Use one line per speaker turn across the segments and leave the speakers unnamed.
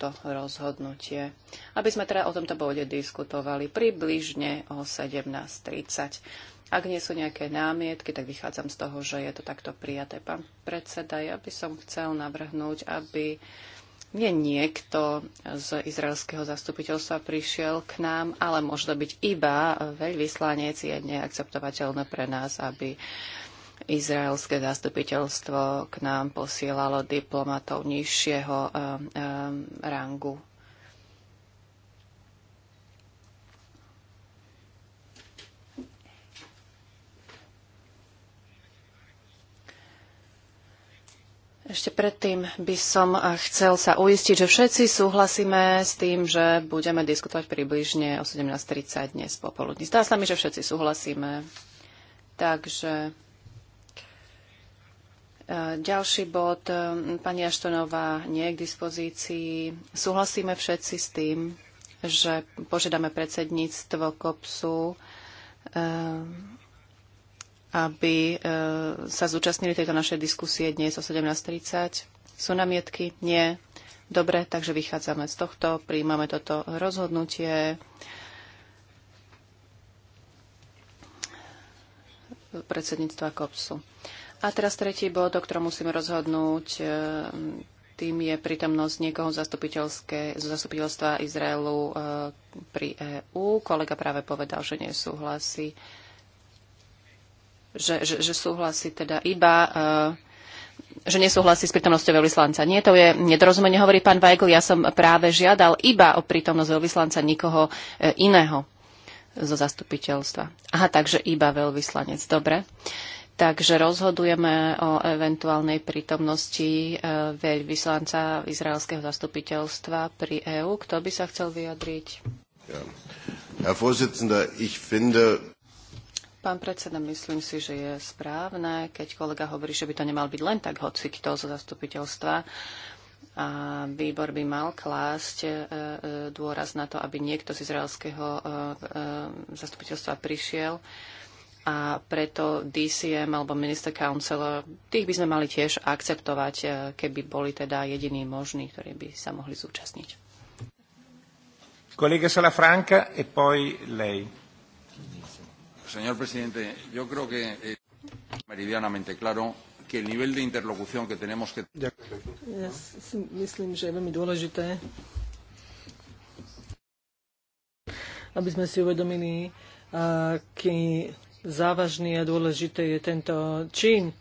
to rozhodnutie. Aby sme teda o tomto bode diskutovali približne o 17.30. Ak nie sú nejaké námietky, tak vychádzam z toho, že je to takto prijaté. Pán predseda, ja by som chcel navrhnúť, aby nie niekto z izraelského zastupiteľstva prišiel k nám, ale možno byť iba veľvyslanec, je neakceptovateľné pre nás, aby izraelské zastupiteľstvo k nám posielalo diplomatov nižšieho um, um, rangu. Ešte predtým by som eh, chcel sa uistiť, že všetci súhlasíme s tým, že budeme diskutovať približne o 17.30 dnes popoludní. Zdá sa mi, že všetci súhlasíme. Takže ďalší bod, pani Aštonová nie je k dispozícii. Súhlasíme všetci s tým, že požiadame predsedníctvo KOPSu, eh, aby eh, sa zúčastnili tejto našej diskusie dnes o 17.30. Sú namietky? Nie. Dobre, takže vychádzame z tohto, príjmame toto rozhodnutie. predsedníctva KOPSu. A teraz tretí bod, o ktorom musíme rozhodnúť. E, tým je prítomnosť niekoho z zastupiteľstva Izraelu e, pri EÚ. Kolega práve povedal, že nesúhlasí, že, že, že súhlasí teda iba e, že nesúhlasí s prítomnosťou veľvyslanca. Nie, to je nedorozumenie, hovorí pán Weigl. Ja som práve žiadal iba o prítomnosť veľvyslanca nikoho iného zo zastupiteľstva. Aha, takže iba veľvyslanec. Dobre. Uh, Takže rozhodujeme o eventuálnej prítomnosti eh, veľvyslanca izraelského zastupiteľstva pri EÚ. Kto by sa chcel vyjadriť?
Ja. Finde...
Pán predseda, myslím si, že je správne, keď kolega hovorí, že by to nemal byť len tak hoci kto zo zastupiteľstva. A výbor by mal klásť eh, eh, dôraz na to, aby niekto z izraelského zastupiteľstva prišiel a preto DCM alebo Minister Council, tých by sme mali tiež akceptovať, e, keby boli teda jediní možní, ktorí by
sa mohli zúčastniť. Kolega Salafranca e poi lei. Señor presidente, yo creo que es meridianamente claro que el nivel de interlocución que tenemos que... Ja
si myslím, že je veľmi dôležité, aby sme si uvedomili, aký závažný a dôležitý je tento čin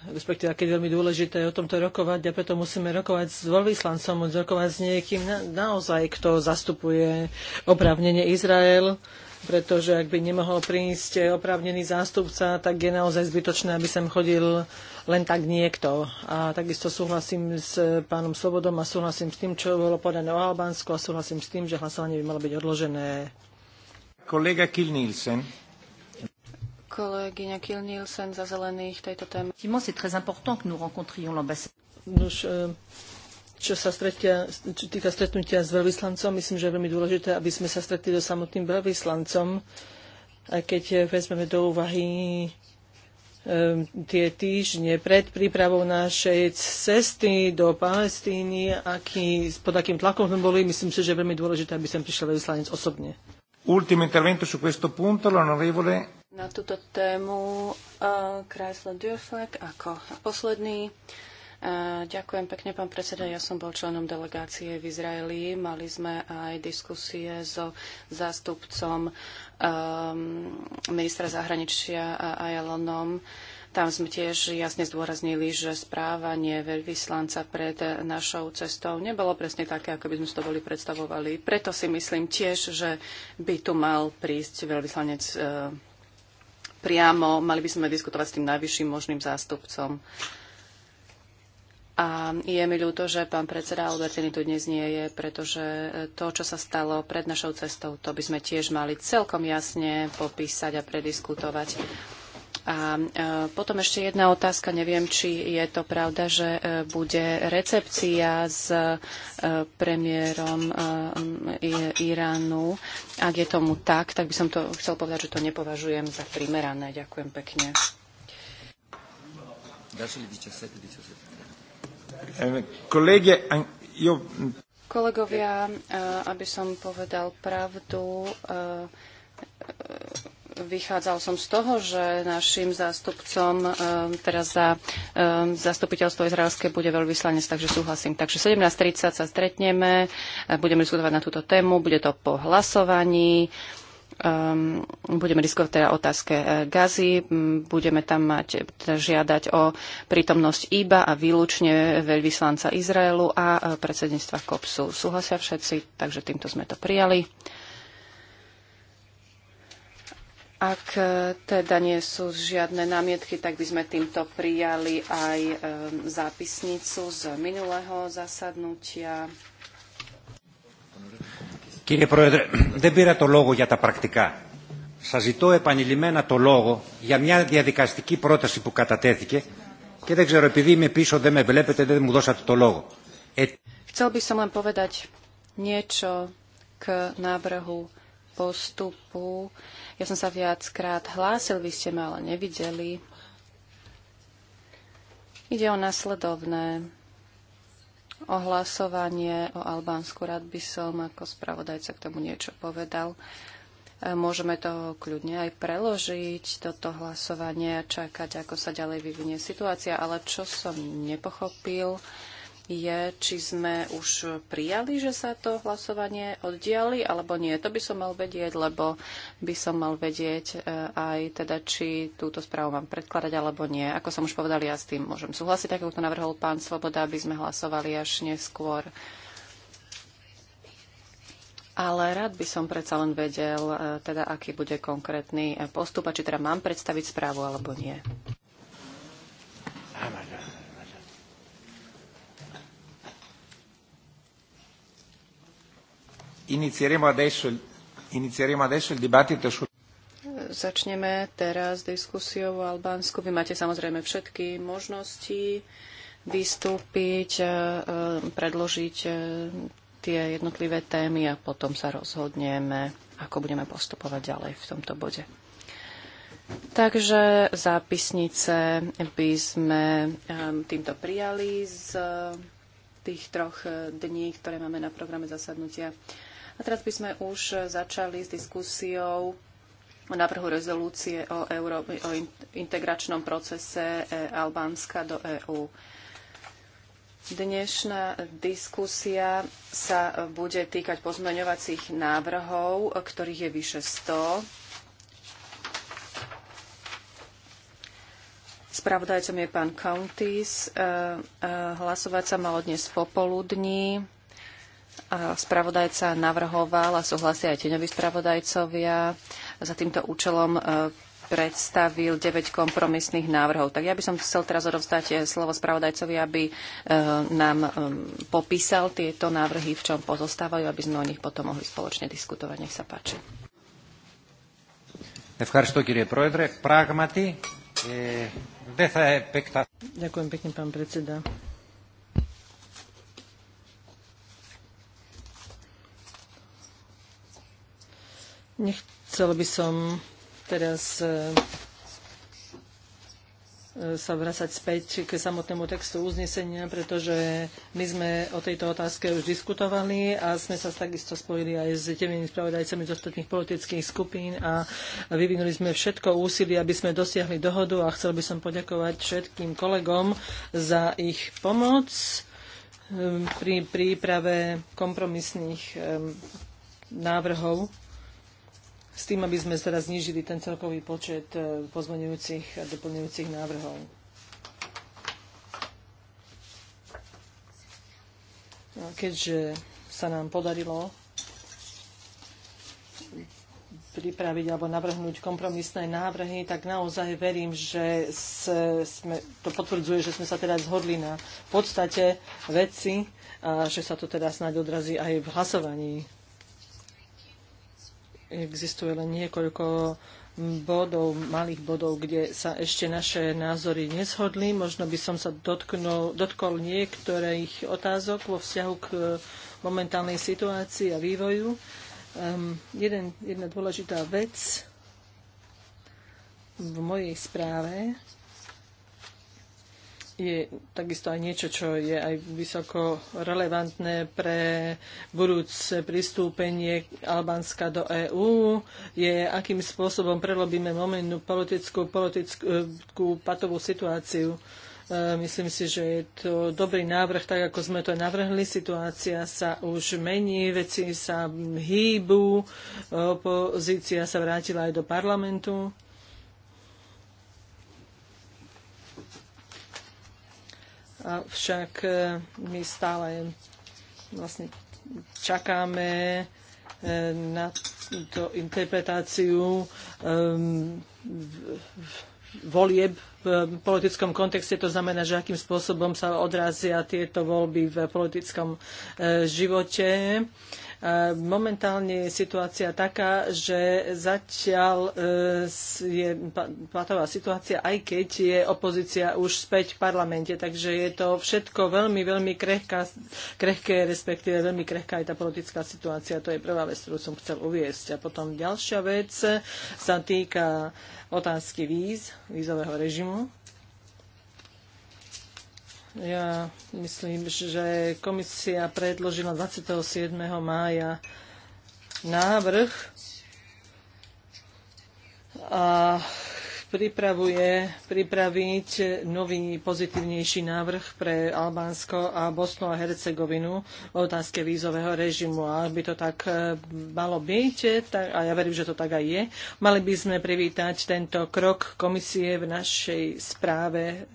respektíve keď je veľmi dôležité o tomto rokovať a preto musíme rokovať s veľvyslancom, rokovať s niekým na, naozaj, kto zastupuje oprávnenie Izrael, pretože ak by nemohol prísť oprávnený zástupca, tak je naozaj zbytočné, aby sem chodil len tak niekto. A takisto súhlasím s pánom Slobodom a súhlasím s tým, čo bolo podané o Albánsku a súhlasím s tým, že hlasovanie by malo byť odložené.
Kolega Kilnielsen
kolegyňa Kiel Nielsen za zelených tejto téme. très important Nuž, e, čo sa
stretia, čo týka stretnutia s veľvyslancom, myslím, že je veľmi dôležité, aby sme sa stretli so samotným veľvyslancom, aj keď vezmeme do úvahy e, tie týždne pred prípravou našej cesty do Palestíny, aký, pod akým tlakom sme boli, myslím si, že je veľmi dôležité, aby sem prišiel veľvyslanec osobne.
Ultimo intervento su questo punto, l'onorevole
na túto tému eh, Chrysler Dürfleck ako posledný. Eh, ďakujem pekne, pán predseda. Ja som bol členom delegácie v Izraeli. Mali sme aj diskusie so zástupcom um, ministra zahraničia Ajalonom. Tam sme tiež jasne zdôraznili, že správanie veľvyslanca pred našou cestou nebolo presne také, ako by sme si to boli predstavovali. Preto si myslím tiež, že by tu mal prísť veľvyslanec uh, priamo, mali by sme diskutovať s tým najvyšším možným zástupcom. A je mi ľúto, že pán predseda Albertini tu dnes nie je, pretože e, to, čo sa stalo pred našou cestou, to by sme tiež mali celkom jasne popísať a prediskutovať. A e, potom ešte jedna otázka. Neviem, či je to pravda, že e, bude recepcia s e, premiérom Iránu. Ak je tomu tak, tak by som to chcel povedať, že to nepovažujem za primerané. Ďakujem pekne. Kolegovia, aby som povedal pravdu, Vychádzal som z toho, že našim zástupcom eh, teraz za eh, zastupiteľstvo izraelské bude veľvyslanec, takže súhlasím. Takže 17.30 sa stretneme, eh, budeme diskutovať na túto tému, bude to po hlasovaní. Um, budeme diskutovať teda otázke gazy, mm, budeme tam mať teda žiadať o prítomnosť iba a výlučne veľvyslanca Izraelu a predsedníctva COPSu. Súhlasia všetci, takže týmto sme to prijali. Ak teda nie sú žiadne námietky, tak by sme týmto prijali aj zápisnicu z minulého zasadnutia.
Κύριε Πρόεδρε, δεν πήρα το λόγο για τα πρακτικά. Σας ζητώ επανειλημμένα το λόγο για μια διαδικαστική πρόταση που κατατέθηκε και δεν ξέρω, επειδή είμαι πίσω, δεν με βλέπετε, δεν μου δώσατε το λόγο. Ε... Chcel
by som len povedať niečo k návrhu postupu ja som sa viackrát hlásil, vy ste ma ale nevideli. Ide o nasledovné o hlasovanie o Albánsku. Rád by som ako spravodajca k tomu niečo povedal. E, môžeme to kľudne aj preložiť, toto hlasovanie, a čakať, ako sa ďalej vyvinie situácia. Ale čo som nepochopil, je, či sme už prijali, že sa to hlasovanie oddiali, alebo nie. To by som mal vedieť, lebo by som mal vedieť e, aj teda, či túto správu mám predkladať, alebo nie. Ako som už povedal, ja s tým môžem súhlasiť, ako to navrhol pán Svoboda, aby sme hlasovali až neskôr. Ale rád by som predsa len vedel, e, teda aký bude konkrétny postup a či teda mám predstaviť správu alebo nie.
Inizieremo adesso, inizieremo adesso il dibattito sul
Začneme teraz diskusiou o Albánsku. Vy máte samozrejme všetky možnosti vystúpiť, e, e, predložiť e, tie jednotlivé témy a potom sa rozhodneme, ako budeme postupovať ďalej v tomto bode. Takže zápisnice by sme týmto prijali z tých troch dní, ktoré máme na programe zasadnutia. A teraz by sme už začali s diskusiou o návrhu rezolúcie o, Euró- o integračnom procese e, Albánska do EÚ. Dnešná diskusia sa bude týkať pozmeňovacích návrhov, ktorých je vyše 100. Spravodajcom je pán Countys. E, e, hlasovať sa malo dnes popoludní. Spravodajca navrhoval a súhlasia aj tieňoví spravodajcovia za týmto účelom e, predstavil 9 kompromisných návrhov. Tak ja by som chcel teraz odovzdať e, slovo spravodajcovi, aby e, nám popísal tieto návrhy, v čom pozostávajú, aby sme o nich potom mohli spoločne diskutovať. Nech sa páči.
Ďakujem pekne, pán predseda.
Nechcel by som teraz e, e, sa vrácať späť k samotnému textu uznesenia, pretože my sme o tejto otázke už diskutovali a sme sa takisto spojili aj s temnými spravodajcami z ostatných politických skupín a vyvinuli sme všetko úsilie, aby sme dosiahli dohodu a chcel by som poďakovať všetkým kolegom za ich pomoc e, pri príprave kompromisných návrhov s tým, aby sme teraz znížili ten celkový počet e, pozmenujúcich a doplňujúcich návrhov. No, keďže sa nám podarilo pripraviť alebo navrhnúť kompromisné návrhy, tak naozaj verím, že sme, to potvrdzuje, že sme sa teda zhodli na podstate veci a že sa to teda snáď odrazí aj v hlasovaní existuje len niekoľko bodov, malých bodov, kde sa ešte naše názory nezhodli. Možno by som sa dotknul, dotkol niektorých otázok vo vzťahu k eh, momentálnej situácii a vývoju. Um, jeden, jedna dôležitá vec v mojej správe je takisto aj niečo, čo je aj vysoko relevantné pre budúce pristúpenie Albánska do EÚ, je akým spôsobom prelobíme momentnú politickú, politickú patovú situáciu. E, myslím si, že je to dobrý návrh, tak ako sme to navrhli. Situácia sa už mení, veci sa hýbu, opozícia sa vrátila aj do parlamentu. avšak e, my stále vlastne čakáme e, na túto interpretáciu volieb v politickom kontexte, to znamená, že akým spôsobom sa odrazia tieto voľby v politickom e, živote. E, momentálne je situácia taká, že zatiaľ e, je platová situácia, aj keď je opozícia už späť v parlamente, takže je to všetko veľmi, veľmi krehká, krehké, respektíve veľmi krehká aj tá politická situácia. To je prvá vec, ktorú som chcel uviesť. A potom ďalšia vec sa týka otázky víz, vízového režimu. Ja myslím, že komisia predložila 27. mája návrh a pripravuje pripraviť nový pozitívnejší návrh pre Albánsko a Bosnu a Hercegovinu v otázke vízového režimu. A ak by to tak e, malo byť, tak, a ja verím, že to tak aj je, mali by sme privítať tento krok komisie v našej správe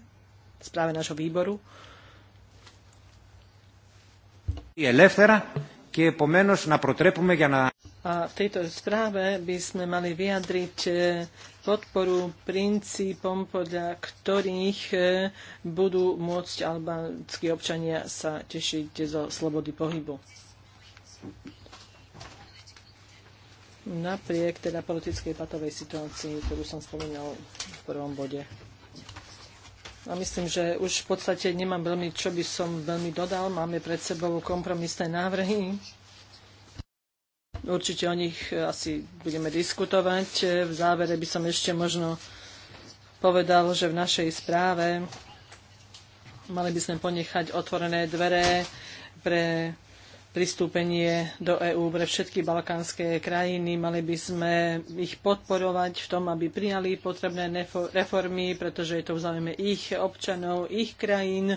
správe nášho výboru. A v tejto správe by sme mali vyjadriť e, podporu princípom, podľa ktorých e, budú môcť albánsky občania sa tešiť zo slobody pohybu. Napriek teda politickej patovej situácii, ktorú som spomínal v prvom bode. A myslím, že už v podstate nemám veľmi, čo by som veľmi dodal. Máme pred sebou kompromisné návrhy. Určite o nich asi budeme diskutovať. V závere by som ešte možno povedal, že v našej správe mali by sme ponechať otvorené dvere pre pristúpenie do EÚ pre všetky balkánske krajiny. Mali by sme ich podporovať v tom, aby prijali potrebné reformy, pretože je to v záujme ich občanov, ich krajín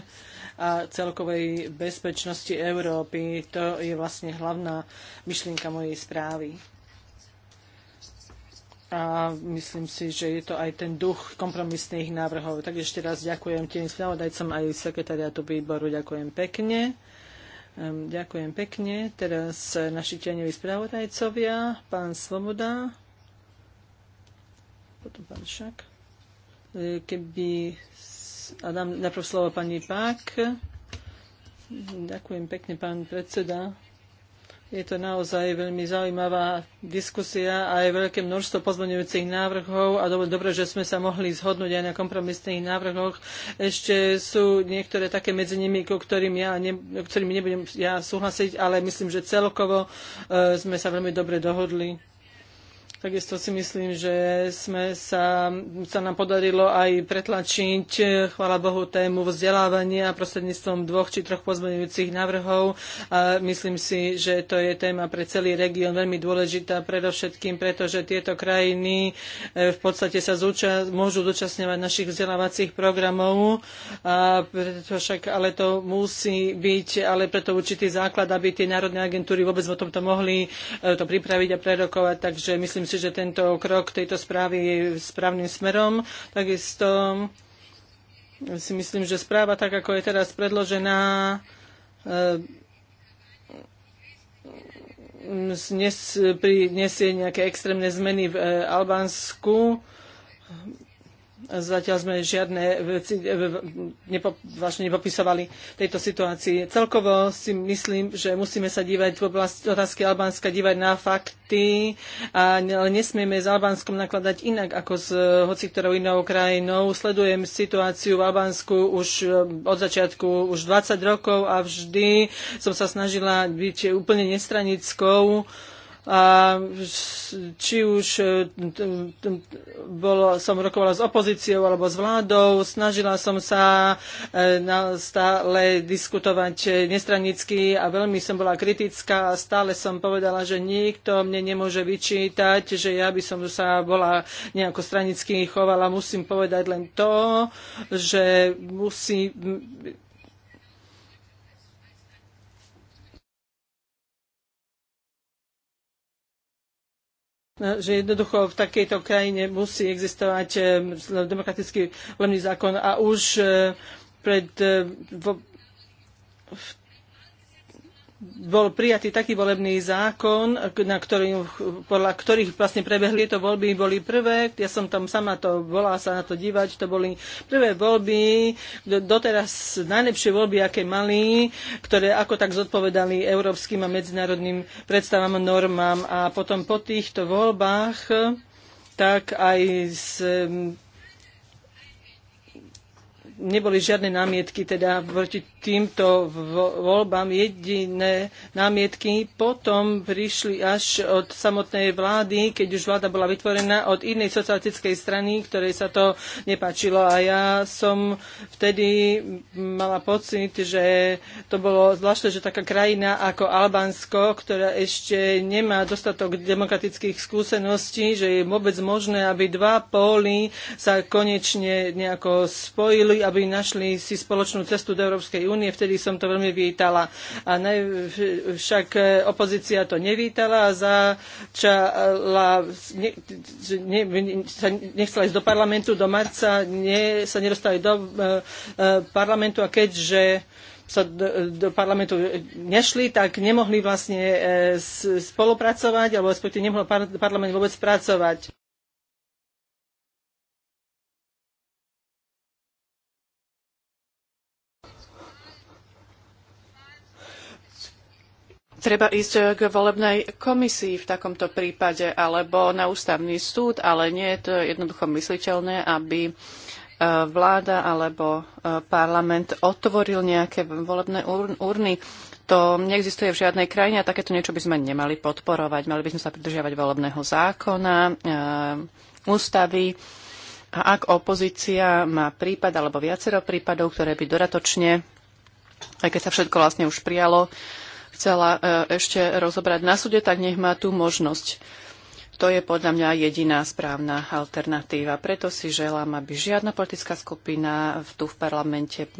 a celkovej bezpečnosti Európy. To je vlastne hlavná myšlienka mojej správy. A myslím si, že je to aj ten duch kompromisných návrhov. Takže ešte raz ďakujem tým spravodajcom aj sekretariatu výboru. Ďakujem pekne. Ďakujem pekne. Teraz eh, naši tieňoví spravodajcovia, pán Svoboda, potom pán Šak. Eh, keby... A dám najprv slovo pani Pák. Ďakujem pekne, pán predseda. Je to naozaj veľmi zaujímavá diskusia a je veľké množstvo pozmeňujúcich návrhov a dobre, že sme sa mohli zhodnúť aj na kompromisných návrhoch. Ešte sú niektoré také medzi nimi, ko ktorým ja ne, ktorými nebudem ja súhlasiť, ale myslím, že celkovo e, sme sa veľmi dobre dohodli. Takisto si myslím, že sme sa, sa nám podarilo aj pretlačiť, chvála Bohu, tému vzdelávania prostredníctvom dvoch či troch pozmeňujúcich návrhov. A myslím si, že to je téma pre celý región veľmi dôležitá, predovšetkým pretože tieto krajiny e, v podstate sa zúča- môžu zúčastňovať našich vzdelávacích programov, a preto však ale to musí byť, ale preto určitý základ, aby tie národné agentúry vôbec o tomto mohli e, to pripraviť a prerokovať. Takže myslím si, že tento krok tejto správy je správnym smerom. Takisto si myslím, že správa, tak ako je teraz predložená, eh, nesie nejaké extrémne zmeny v eh, Albánsku Zatiaľ sme žiadne veci e, nepo, vlastne nepopisovali tejto situácii. Celkovo si myslím, že musíme sa dívať v oblasti otázky Albánska dívať na fakty, a, ale nesmieme s Albánskom nakladať inak ako s e, hoci ktorou inou krajinou. Sledujem situáciu v Albánsku už e, od začiatku, už 20 rokov a vždy som sa snažila byť úplne nestranickou a či už e, bolo, som rokovala s opozíciou alebo s vládou, snažila som sa e, stále diskutovať nestranicky a veľmi som bola kritická a stále som povedala, že nikto mne nemôže vyčítať, že ja by som sa bola nejako stranicky chovala. Musím povedať len to, že musí že jednoducho v takejto krajine musí existovať eh, demokratický volebný zákon a už eh, pred v, eh, v bol prijatý taký volebný zákon, na ktorý, podľa ktorých vlastne prebehli tieto voľby, boli prvé, ja som tam sama to volá sa na to dívať, to boli prvé voľby, doteraz najlepšie voľby, aké mali, ktoré ako tak zodpovedali európskym a medzinárodným predstavám, normám a potom po týchto voľbách tak aj z neboli žiadne námietky teda proti týmto voľbám. Jediné námietky potom prišli až od samotnej vlády, keď už vláda bola vytvorená od inej socialistickej strany, ktorej sa to nepáčilo. A ja som vtedy mala pocit, že to bolo zvláštne, že taká krajina ako Albánsko, ktorá ešte nemá dostatok demokratických skúseností, že je vôbec možné, aby dva póly sa konečne nejako spojili aby našli si spoločnú cestu do Európskej únie. Vtedy som to veľmi vítala. A ne, však e, opozícia to nevítala a začala, ne, ne, nechcela ísť do parlamentu do marca, ne, sa nedostali do uh, parlamentu a keďže sa do, do parlamentu nešli, tak nemohli vlastne spolupracovať, alebo respektíve nemohol parlament vôbec pracovať.
treba ísť eh, k volebnej komisii v takomto prípade alebo na ústavný súd, ale nie je to jednoducho mysliteľné, aby eh, vláda alebo eh, parlament otvoril nejaké volebné urny. To neexistuje v žiadnej krajine a takéto niečo by sme nemali podporovať. Mali by sme sa pridržiavať volebného zákona, ústavy. A ak opozícia má prípad alebo viacero prípadov, ktoré by doratočne, aj keď sa všetko vlastne už prijalo, chcela e, ešte rozobrať na súde, tak nech má tú možnosť. To je podľa mňa jediná správna alternatíva. Preto si želám, aby žiadna politická skupina tu v parlamente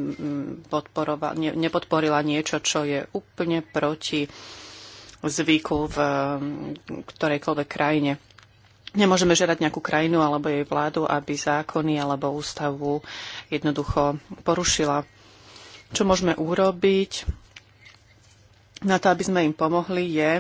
nepodporila niečo, čo je úplne proti zvyku v ktorejkoľvek krajine. Nemôžeme žerať nejakú krajinu alebo jej vládu, aby zákony alebo ústavu jednoducho porušila. Čo môžeme urobiť? na to, aby sme im pomohli, je,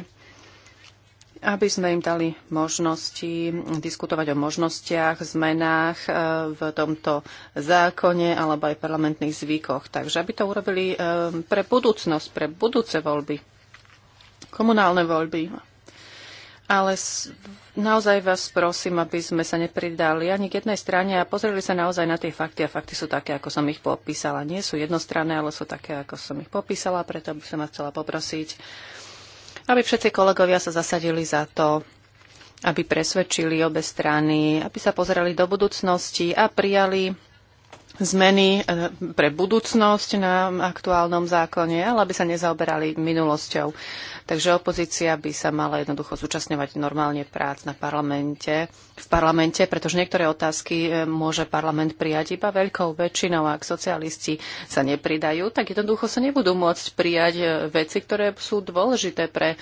aby sme im dali možnosti diskutovať o možnostiach, zmenách e, v tomto zákone alebo aj parlamentných zvykoch. Takže aby to urobili e, pre budúcnosť, pre budúce voľby, komunálne voľby ale naozaj vás prosím, aby sme sa nepridali ani k jednej strane a pozreli sa naozaj na tie fakty. A fakty sú také, ako som ich popísala. Nie sú jednostranné, ale sú také, ako som ich popísala. Preto by som vás chcela poprosiť, aby všetci kolegovia sa zasadili za to, aby presvedčili obe strany, aby sa pozerali do budúcnosti a prijali zmeny eh, pre budúcnosť na aktuálnom zákone, ale aby sa nezaoberali minulosťou. Takže opozícia by sa mala jednoducho zúčastňovať normálne prác na parlamente, v parlamente, pretože niektoré otázky eh, môže parlament prijať iba veľkou väčšinou. Ak socialisti sa nepridajú, tak jednoducho sa nebudú môcť prijať eh, veci, ktoré sú dôležité pre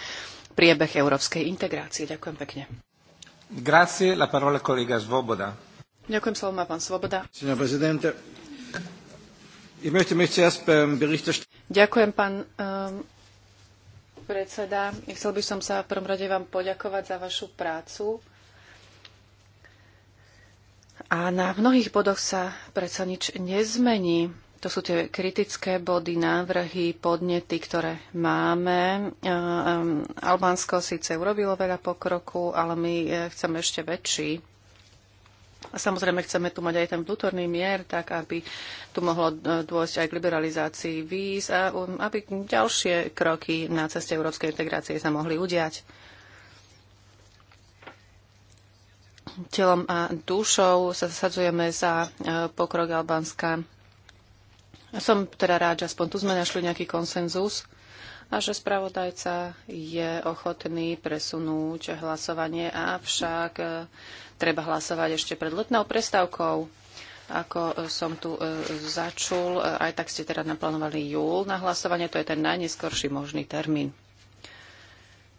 priebeh európskej integrácie. Ďakujem pekne.
Grazie, la parola kolega Svoboda.
Ďakujem, slovo má pán Svoboda. Ďakujem, pán ehm, predseda. Chcel by som sa v prvom rade vám poďakovať za vašu prácu. A na mnohých bodoch sa predsa nič nezmení. To sú tie kritické body, návrhy, podnety, ktoré máme. Ehm, Albánsko síce urobilo veľa pokroku, ale my eh, chceme ešte väčší a samozrejme chceme tu mať aj ten vnútorný mier, tak aby tu mohlo e, dôjsť aj k liberalizácii víz a um, aby ďalšie kroky na ceste európskej integrácie sa mohli udiať. Telom a dušou sa zasadzujeme za e, pokrok Albánska. Som teda rád, že aspoň tu sme našli nejaký konsenzus a že spravodajca je ochotný presunúť hlasovanie, avšak e, treba hlasovať ešte pred letnou prestávkou. Ako e, som tu e, začul, e, aj tak ste teda naplánovali júl na hlasovanie, to je ten najneskorší možný termín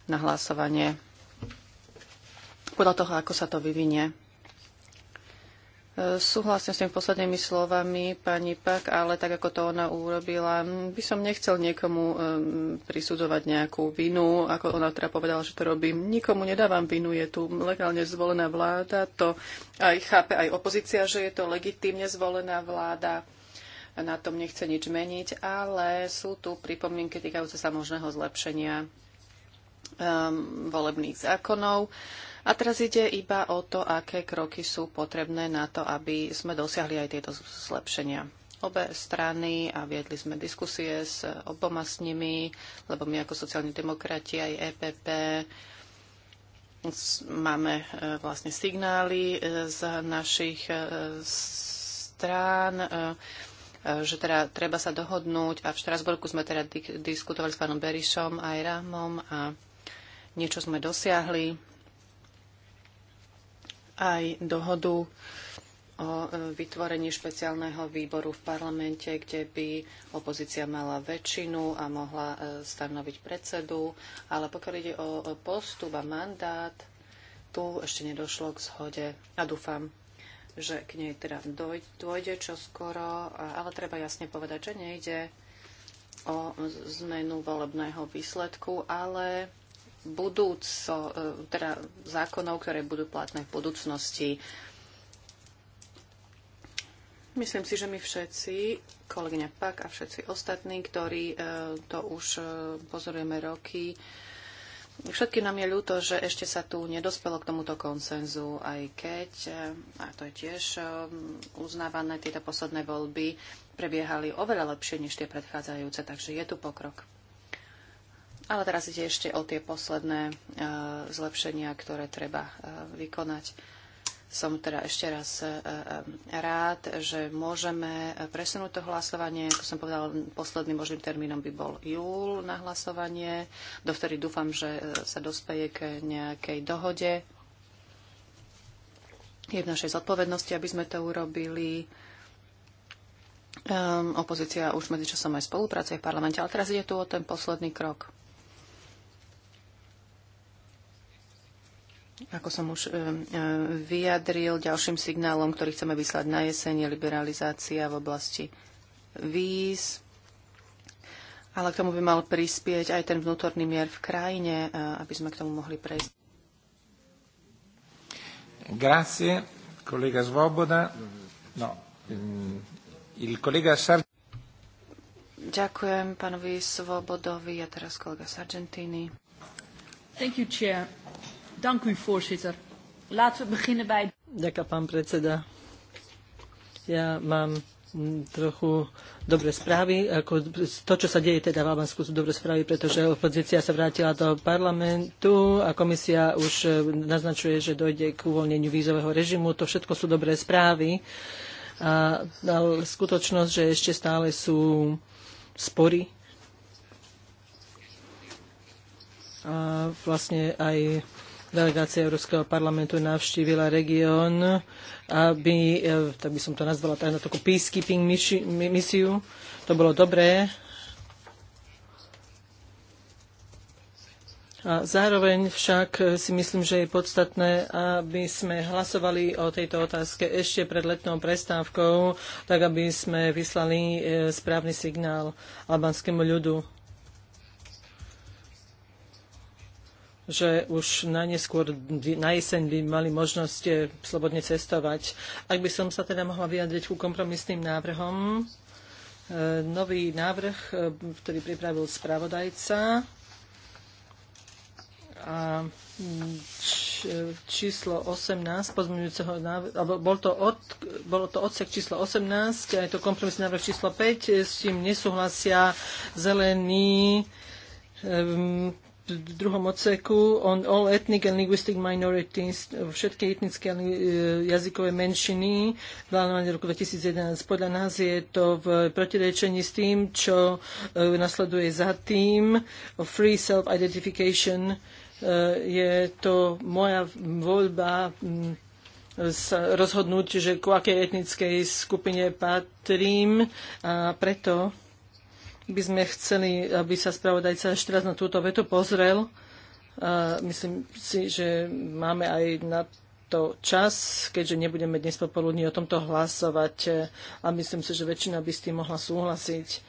na hlasovanie. Podľa toho, ako sa to vyvinie. Súhlasím s tým poslednými slovami pani Pak, ale tak ako to ona urobila, by som nechcel niekomu prisudzovať nejakú vinu, ako ona teda povedala, že to robím. Nikomu nedávam vinu, je tu legálne zvolená vláda, to aj chápe aj opozícia, že je to legitímne zvolená vláda na tom nechce nič meniť, ale sú tu pripomienky týkajúce sa možného zlepšenia Um, volebných zákonov. A teraz ide iba o to, aké kroky sú potrebné na to, aby sme dosiahli aj tieto zlepšenia. Obe strany a viedli sme diskusie s oboma s nimi, lebo my ako sociálni demokrati aj EPP máme e, vlastne signály e, z našich e, strán, že teda treba sa dohodnúť a v Štrasburku sme teda diskutovali s pánom Berišom aj Rámom a Niečo sme dosiahli, aj dohodu o e, vytvorení špeciálneho výboru v parlamente, kde by opozícia mala väčšinu a mohla e, stanoviť predsedu. Ale pokiaľ ide o postup a mandát, tu ešte nedošlo k zhode a dúfam, že k nej teda dôjde čoskoro, ale treba jasne povedať, že nejde o zmenu volebného výsledku, ale budúco, e, teda zákonov, ktoré budú platné v budúcnosti. Myslím si, že my všetci, kolegyňa Pak a všetci ostatní, ktorí e, to už e, pozorujeme roky, Všetkým nám je ľúto, že ešte sa tu nedospelo k tomuto konsenzu, aj keď, a to je tiež uznávané, tieto posledné voľby prebiehali oveľa lepšie než tie predchádzajúce, takže je tu pokrok. Ale teraz ide ešte o tie posledné e, zlepšenia, ktoré treba e, vykonať. Som teda ešte raz e, rád, že môžeme presunúť to hlasovanie. Ako som povedal, posledným možným termínom by bol júl na hlasovanie, do ktorý dúfam, že sa dospeje k nejakej dohode. Je v našej zodpovednosti, aby sme to urobili. Um, opozícia už medzičasom aj spolupracuje v parlamente, ale teraz ide tu o ten posledný krok. Ako som už e, e, vyjadril, ďalším signálom, ktorý chceme vyslať na jeseň, je liberalizácia v oblasti víz. Ale k tomu by mal prispieť aj ten vnútorný mier v krajine, e, aby sme k tomu mohli prejsť.
Grazie, kolega Svoboda. No, mm, il kolega Sar-
Ďakujem pánovi Svobodovi a teraz kolega Sargentini. Thank you, chair. Dank u, voorzitter. Laten we beginnen bij...
Ďakujem, pán predseda. Ja mám trochu dobre správy. Ako to, čo sa deje teda v Albánsku, sú dobre správy, pretože opozícia sa vrátila do parlamentu a komisia už e, naznačuje, že dojde k uvoľneniu vízového režimu. To všetko sú dobré správy. A, ale skutočnosť, že ešte stále sú spory a vlastne aj delegácia Európskeho parlamentu navštívila región, aby, e, tak by som to nazvala tak na takú peacekeeping misiu. To bolo dobré. A zároveň však si myslím, že je podstatné, aby sme hlasovali o tejto otázke ešte pred letnou prestávkou, tak aby sme vyslali e, správny signál albanskému ľudu. že už najneskôr na jeseň by mali možnosť eh, slobodne cestovať. Ak by som sa teda mohla vyjadriť ku kompromisným návrhom, eh, nový návrh, eh, ktorý pripravil spravodajca a mm, číslo 18 pozmeňujúceho návrhu, alebo bol to od, bolo to odsek číslo 18 a je to kompromisný návrh číslo 5, s tým nesúhlasia zelení, v druhom odseku on all ethnic and linguistic minorities, všetky etnické a e, jazykové menšiny, plánovanie roku 2011. Podľa nás je to v protirečení s tým, čo e, nasleduje za tým. Free self-identification e, je to moja voľba mm, sa rozhodnúť, že ku akej etnickej skupine patrím a preto by sme chceli, aby sa spravodajca ešte raz na túto vetu pozrel. myslím si, že máme aj na to čas, keďže nebudeme dnes popoludní o tomto hlasovať a myslím si, že väčšina by s tým mohla súhlasiť. E,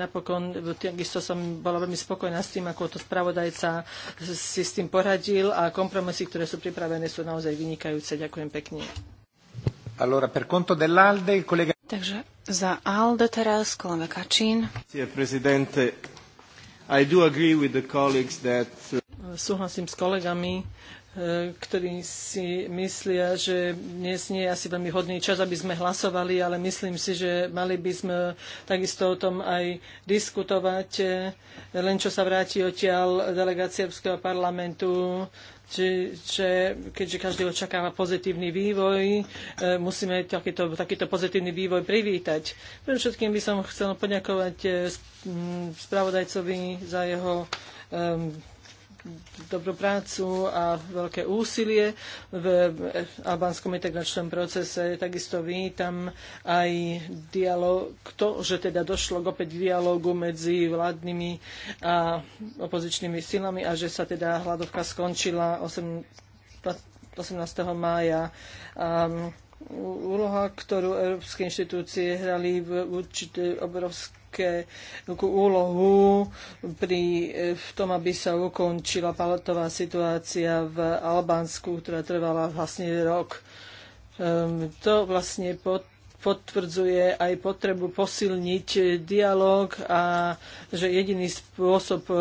napokon, takisto som bola veľmi spokojná s tým, ako to spravodajca si s tým poradil a kompromisy, ktoré sú pripravené, sú naozaj vynikajúce.
Ďakujem pekne.
Allora, per conto dell'Alde, il collega... Takže za ALDE
teraz kolega Kačín.
That... Uh,
Súhlasím s kolegami, uh, ktorí si myslia, že dnes nie je asi veľmi hodný čas, aby sme hlasovali, ale myslím si, že mali by sme takisto o tom aj diskutovať. Uh, len čo sa vráti odtiaľ delegácia Európskeho parlamentu, či, či, keďže každý očakáva pozitívny vývoj, e, musíme takýto, takýto pozitívny vývoj privítať. Prvým všetkým by som chcel poďakovať e, spravodajcovi za jeho e, dobrú prácu a veľké úsilie v albánskom integračnom procese. Takisto vítam aj dialog, to, že teda došlo k opäť dialogu medzi vládnymi a opozičnými silami a že sa teda hladovka skončila 8, 18. mája. Um, úloha, ktorú európske inštitúcie hrali v určitej obrovskej veľkú úlohu pri, e, v tom, aby sa ukončila palotová situácia v Albánsku, ktorá trvala vlastne rok. Um, to vlastne pod potvrdzuje aj potrebu posilniť dialog a že jediný spôsob e,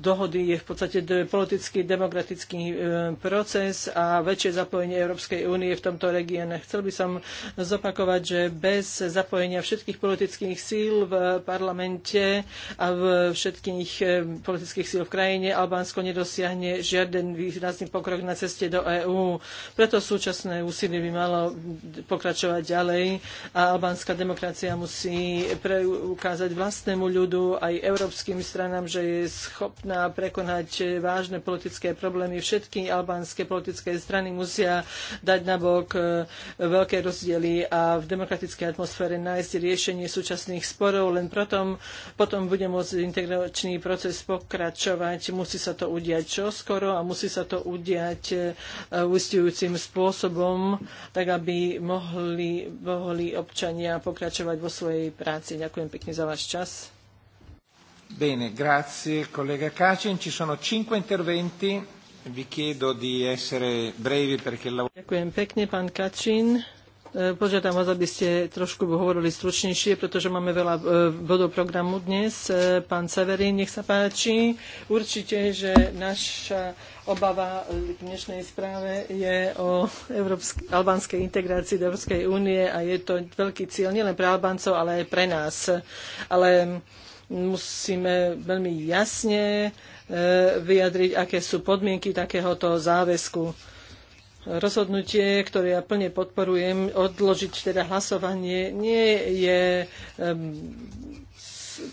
dohody je v podstate politický demokratický e, proces a väčšie zapojenie Európskej únie v tomto regióne. Chcel by som zopakovať, že bez zapojenia všetkých politických síl v parlamente a v všetkých e, politických síl v krajine Albánsko nedosiahne žiaden výrazný pokrok na ceste do EÚ. Preto súčasné úsilie by malo pokračovať ďalej a albánska demokracia musí preukázať vlastnému ľudu aj európskym stranám, že je schopná prekonať vážne politické problémy. Všetky albánske politické strany musia dať nabok e, veľké rozdiely a v demokratickej atmosfére nájsť riešenie súčasných sporov. Len protom, potom bude môcť integračný proces pokračovať. Musí sa to udiať čoskoro a musí sa to udiať e, uistujúcim spôsobom, tak aby mohli, mohli mali občania pokračovať vo svojej práci.
Ďakujem pekne za váš čas. Bene, grazie collega Kacin. Ci sono cinque interventi. Vi chiedo di essere brevi perché il lavoro... Ďakujem
pekne, pán Kacin. E, požiadam vás, aby ste trošku hovorili stručnejšie, pretože máme veľa e, bodov programu dnes. E, pán Severin, nech sa páči. Určite, že naša obava k dnešnej správe je o albánskej integrácii do Európskej únie a je to veľký cieľ nielen pre Albáncov, ale aj pre nás. Ale musíme veľmi jasne vyjadriť, aké sú podmienky takéhoto záväzku rozhodnutie, ktoré ja plne podporujem, odložiť teda hlasovanie, nie je
um,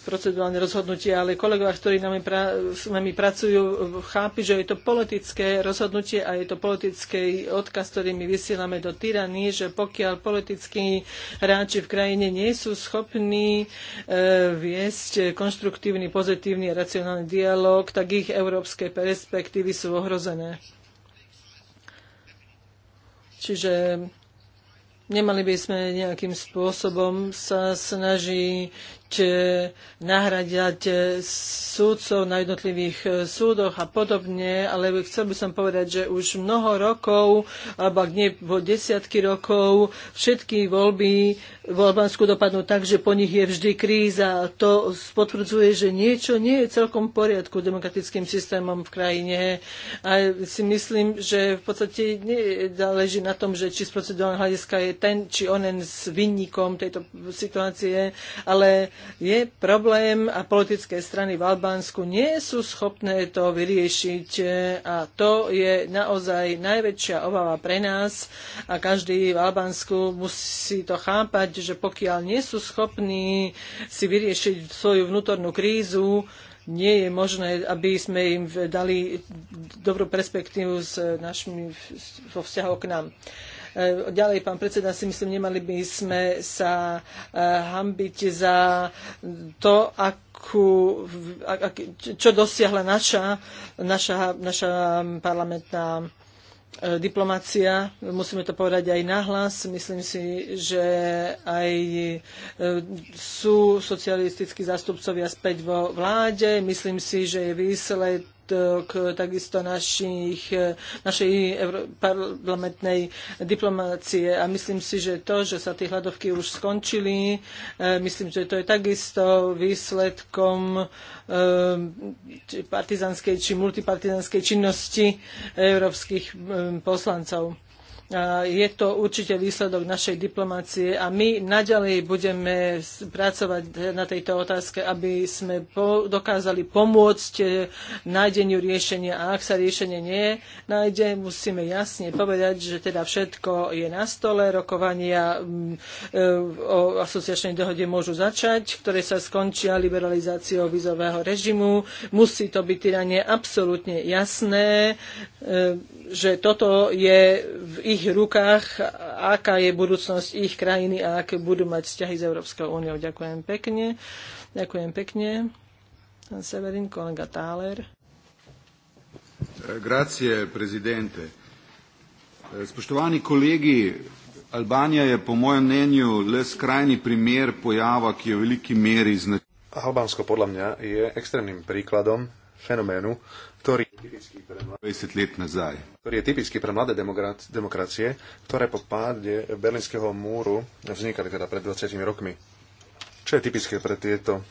procedurálne rozhodnutie, ale kolegovia, ktorí nami pra, s nami pracujú, chápi, že je to politické rozhodnutie a je to politický odkaz, ktorý my vysielame do tyrany, že pokiaľ politickí hráči v krajine nie sú schopní e, viesť konštruktívny, pozitívny a racionálny dialog, tak ich európske perspektívy sú ohrozené. Čiže nemali by sme nejakým spôsobom sa snažiť E, nahradiať e, súdcov na jednotlivých e, súdoch a podobne, ale chcel by som povedať, že už mnoho rokov, alebo ak nie po desiatky rokov, všetky voľby v Albánsku dopadnú tak, že po nich je vždy kríza. To potvrdzuje, že niečo nie je celkom v poriadku demokratickým systémom v krajine. A si myslím, že v podstate nie záleží na tom, že či z procedurálneho hľadiska je ten či onen s vinníkom tejto situácie, ale je problém a politické strany v Albánsku nie sú schopné to vyriešiť e, a to je naozaj najväčšia obava pre nás a každý v Albánsku musí to chápať, že pokiaľ nie sú schopní si vyriešiť svoju vnútornú krízu, nie je možné, aby sme im dali dobrú perspektívu s našimi, vo vzťahu k nám. E, ďalej, pán predseda, si myslím, nemali by sme sa e, hambiť za to, akú, ak, čo dosiahla naša, naša, naša parlamentná e, diplomácia, musíme to povedať aj nahlas. Myslím si, že aj sú socialistickí zástupcovia späť vo vláde. Myslím si, že je výsledok takisto našich, našej parlamentnej diplomácie. A myslím si, že to, že sa tie hľadovky už skončili, e, myslím, že to je takisto výsledkom e, partizanskej či multipartizanskej činnosti európskych e, poslancov. Je to určite výsledok našej diplomácie a my naďalej budeme pracovať na tejto otázke, aby sme dokázali pomôcť e, nájdeniu riešenia. A ak sa riešenie nie nájde, musíme jasne povedať, že teda všetko je na stole. Rokovania e, o asociačnej dohode môžu začať, ktoré sa skončia liberalizáciou vizového režimu. Musí to byť teda absolútne jasné, e, že toto je v ich ich rukách, aká je budúcnosť ich krajiny a aké budú mať vzťahy s Európskou úniou. Ďakujem pekne. Ďakujem pekne. Pán Severin, kolega Táler.
Grazie, prezidente. Spoštovani kolegi, Albanija je po mojem mnenju le skrajni primer pojava, ki je v veliki meri značilen. Albánsko podľa mňa je extrémnym príkladom fenoménu, ktorý je typický pre mladé, 20 let nazaj. ktorý je typický pre mladé demokracie, ktoré po páde Berlínskeho múru vznikali teda pred 20 rokmi. Čo je typické pre tieto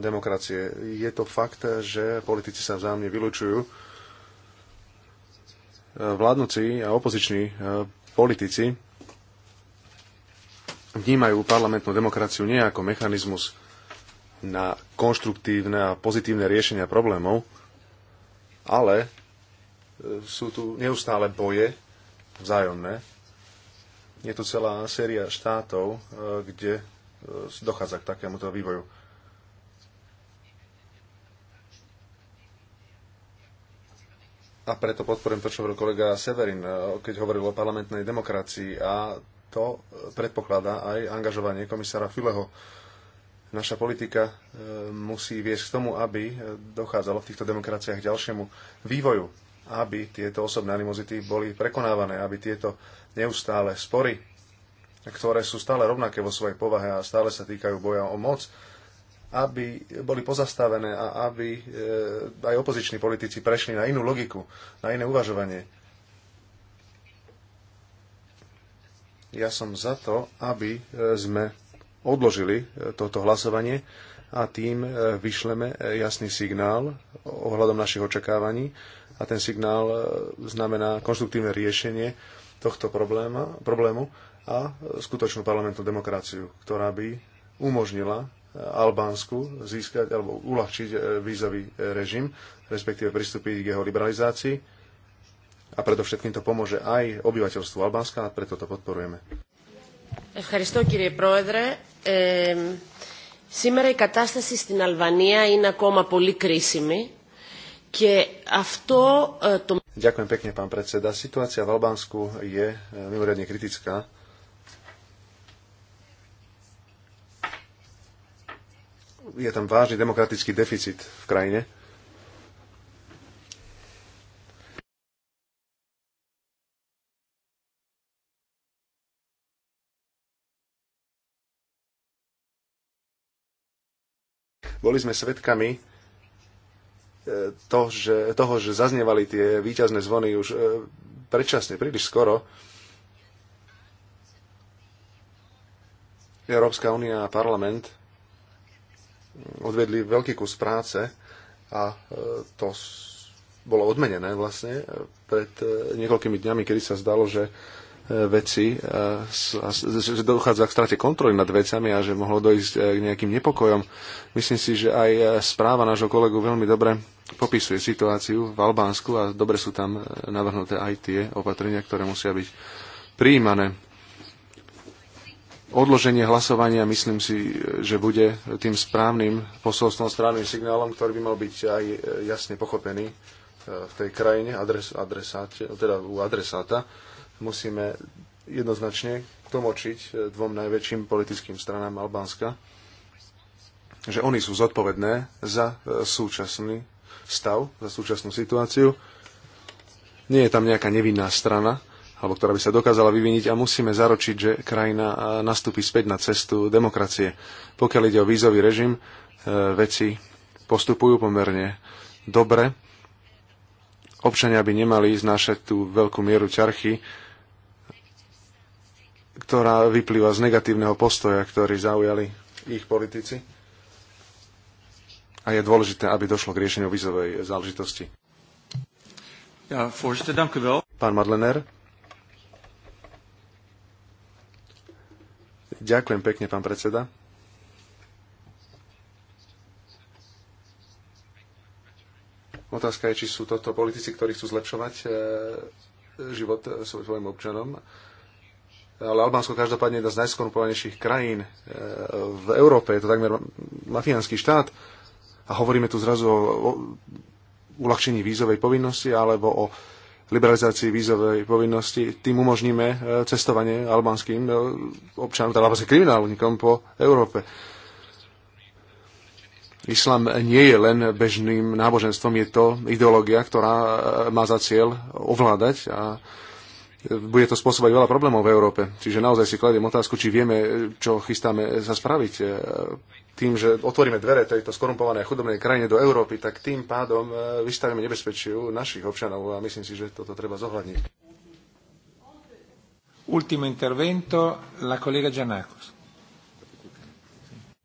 demokracie? Je to fakt, že politici sa vzájomne vylučujú. Vládnuci a opoziční e, politici vnímajú parlamentnú demokraciu nie ako mechanizmus na konštruktívne a pozitívne riešenia problémov, ale e, sú tu neustále boje vzájomné. Je tu celá séria štátov, e, kde e, dochádza k takémuto vývoju. A preto podporujem to, čo hovoril kolega Severin, keď hovoril o parlamentnej demokracii a to predpokladá aj angažovanie komisára Fileho naša politika e, musí viesť k tomu, aby dochádzalo v týchto demokraciách k ďalšiemu vývoju, aby tieto osobné animozity boli prekonávané, aby tieto neustále spory, ktoré sú stále rovnaké vo svojej povahe a stále sa týkajú boja o moc, aby boli pozastavené a aby e, aj opoziční politici prešli na inú logiku, na iné uvažovanie. Ja som za to, aby e, sme odložili e, toto hlasovanie a tým e, vyšleme e, jasný signál ohľadom našich očakávaní a ten signál znamená konštruktívne riešenie tohto probléma, problému a skutočnú parlamentnú demokraciu, ktorá by umožnila Albánsku získať alebo uľahčiť vízový režim, respektíve pristúpiť k jeho liberalizácii. A predovšetkým to pomôže aj obyvateľstvu Albánska a preto to podporujeme.
Ευχαριστώ κύριε Πρόεδρε. Ε, σήμερα η κατάσταση στην Αλβανία είναι ακόμα πολύ κρίσιμη και αυτό
ε, το... Ďakujem pekne, pán predseda. Situácia v Albánsku je e, mimoriadne kritická. Je tam vážny demokratický deficit v krajine. Boli sme svedkami e, to, že, toho, že zaznievali tie výťazné zvony už e, predčasne, príliš skoro. Európska únia a parlament mm, odvedli veľký kus práce a e, to bolo odmenené vlastne pred niekoľkými dňami, kedy sa zdalo, že veci, že dochádza k strate kontroly nad vecami a že mohlo dojsť eh, k nejakým nepokojom. Myslím si, že aj eh, správa nášho kolegu veľmi dobre popisuje situáciu v Albánsku a dobre sú tam eh, navrhnuté aj tie opatrenia, ktoré musia byť prijímané. Odloženie hlasovania myslím si, že bude tým správnym posolstvom, správnym signálom, ktorý by mal byť aj jasne pochopený v tej krajine, adres, adresáte, teda u adresáta musíme jednoznačne tlmočiť eh, dvom najväčším politickým stranám Albánska, že oni sú zodpovedné za eh, súčasný stav, za súčasnú situáciu. Nie je tam nejaká nevinná strana, alebo ktorá by sa dokázala vyviniť a musíme zaročiť, že krajina eh, nastúpi späť na cestu demokracie. Pokiaľ ide o vízový režim, veci postupujú pomerne dobre. Občania by nemali znášať tú veľkú mieru ťarchy, ktorá vyplýva z negatívneho postoja, ktorý zaujali ich politici. A je dôležité, aby došlo k riešeniu vizovej záležitosti. Ja, voorzitter, dank u wel. Pán Madlener. Ďakujem pekne, pán predseda. Otázka je, či sú toto politici, ktorí chcú zlepšovať eh, život eh, svojim občanom ale Albánsko každopádne je jedna z najskorumpovanejších krajín e, v Európe, je to takmer mafiánsky štát a hovoríme tu zrazu o, o uľahčení vízovej povinnosti alebo o liberalizácii vízovej povinnosti, tým umožníme e, cestovanie albánským e, občanom, teda vlastne kriminálnikom po Európe. Islám nie je len bežným náboženstvom, je to ideológia, ktorá má za cieľ ovládať a bude to spôsobať veľa problémov v Európe. Čiže naozaj si kladiem otázku, či vieme, čo chystáme sa spraviť. E, tým, že otvoríme dvere tejto skorumpovanej a chudobnej krajine do Európy, tak tým pádom e, vystavíme nebezpečiu našich občanov a myslím si, že toto treba zohľadniť.
Ultimo intervento, la kolega Gianakos.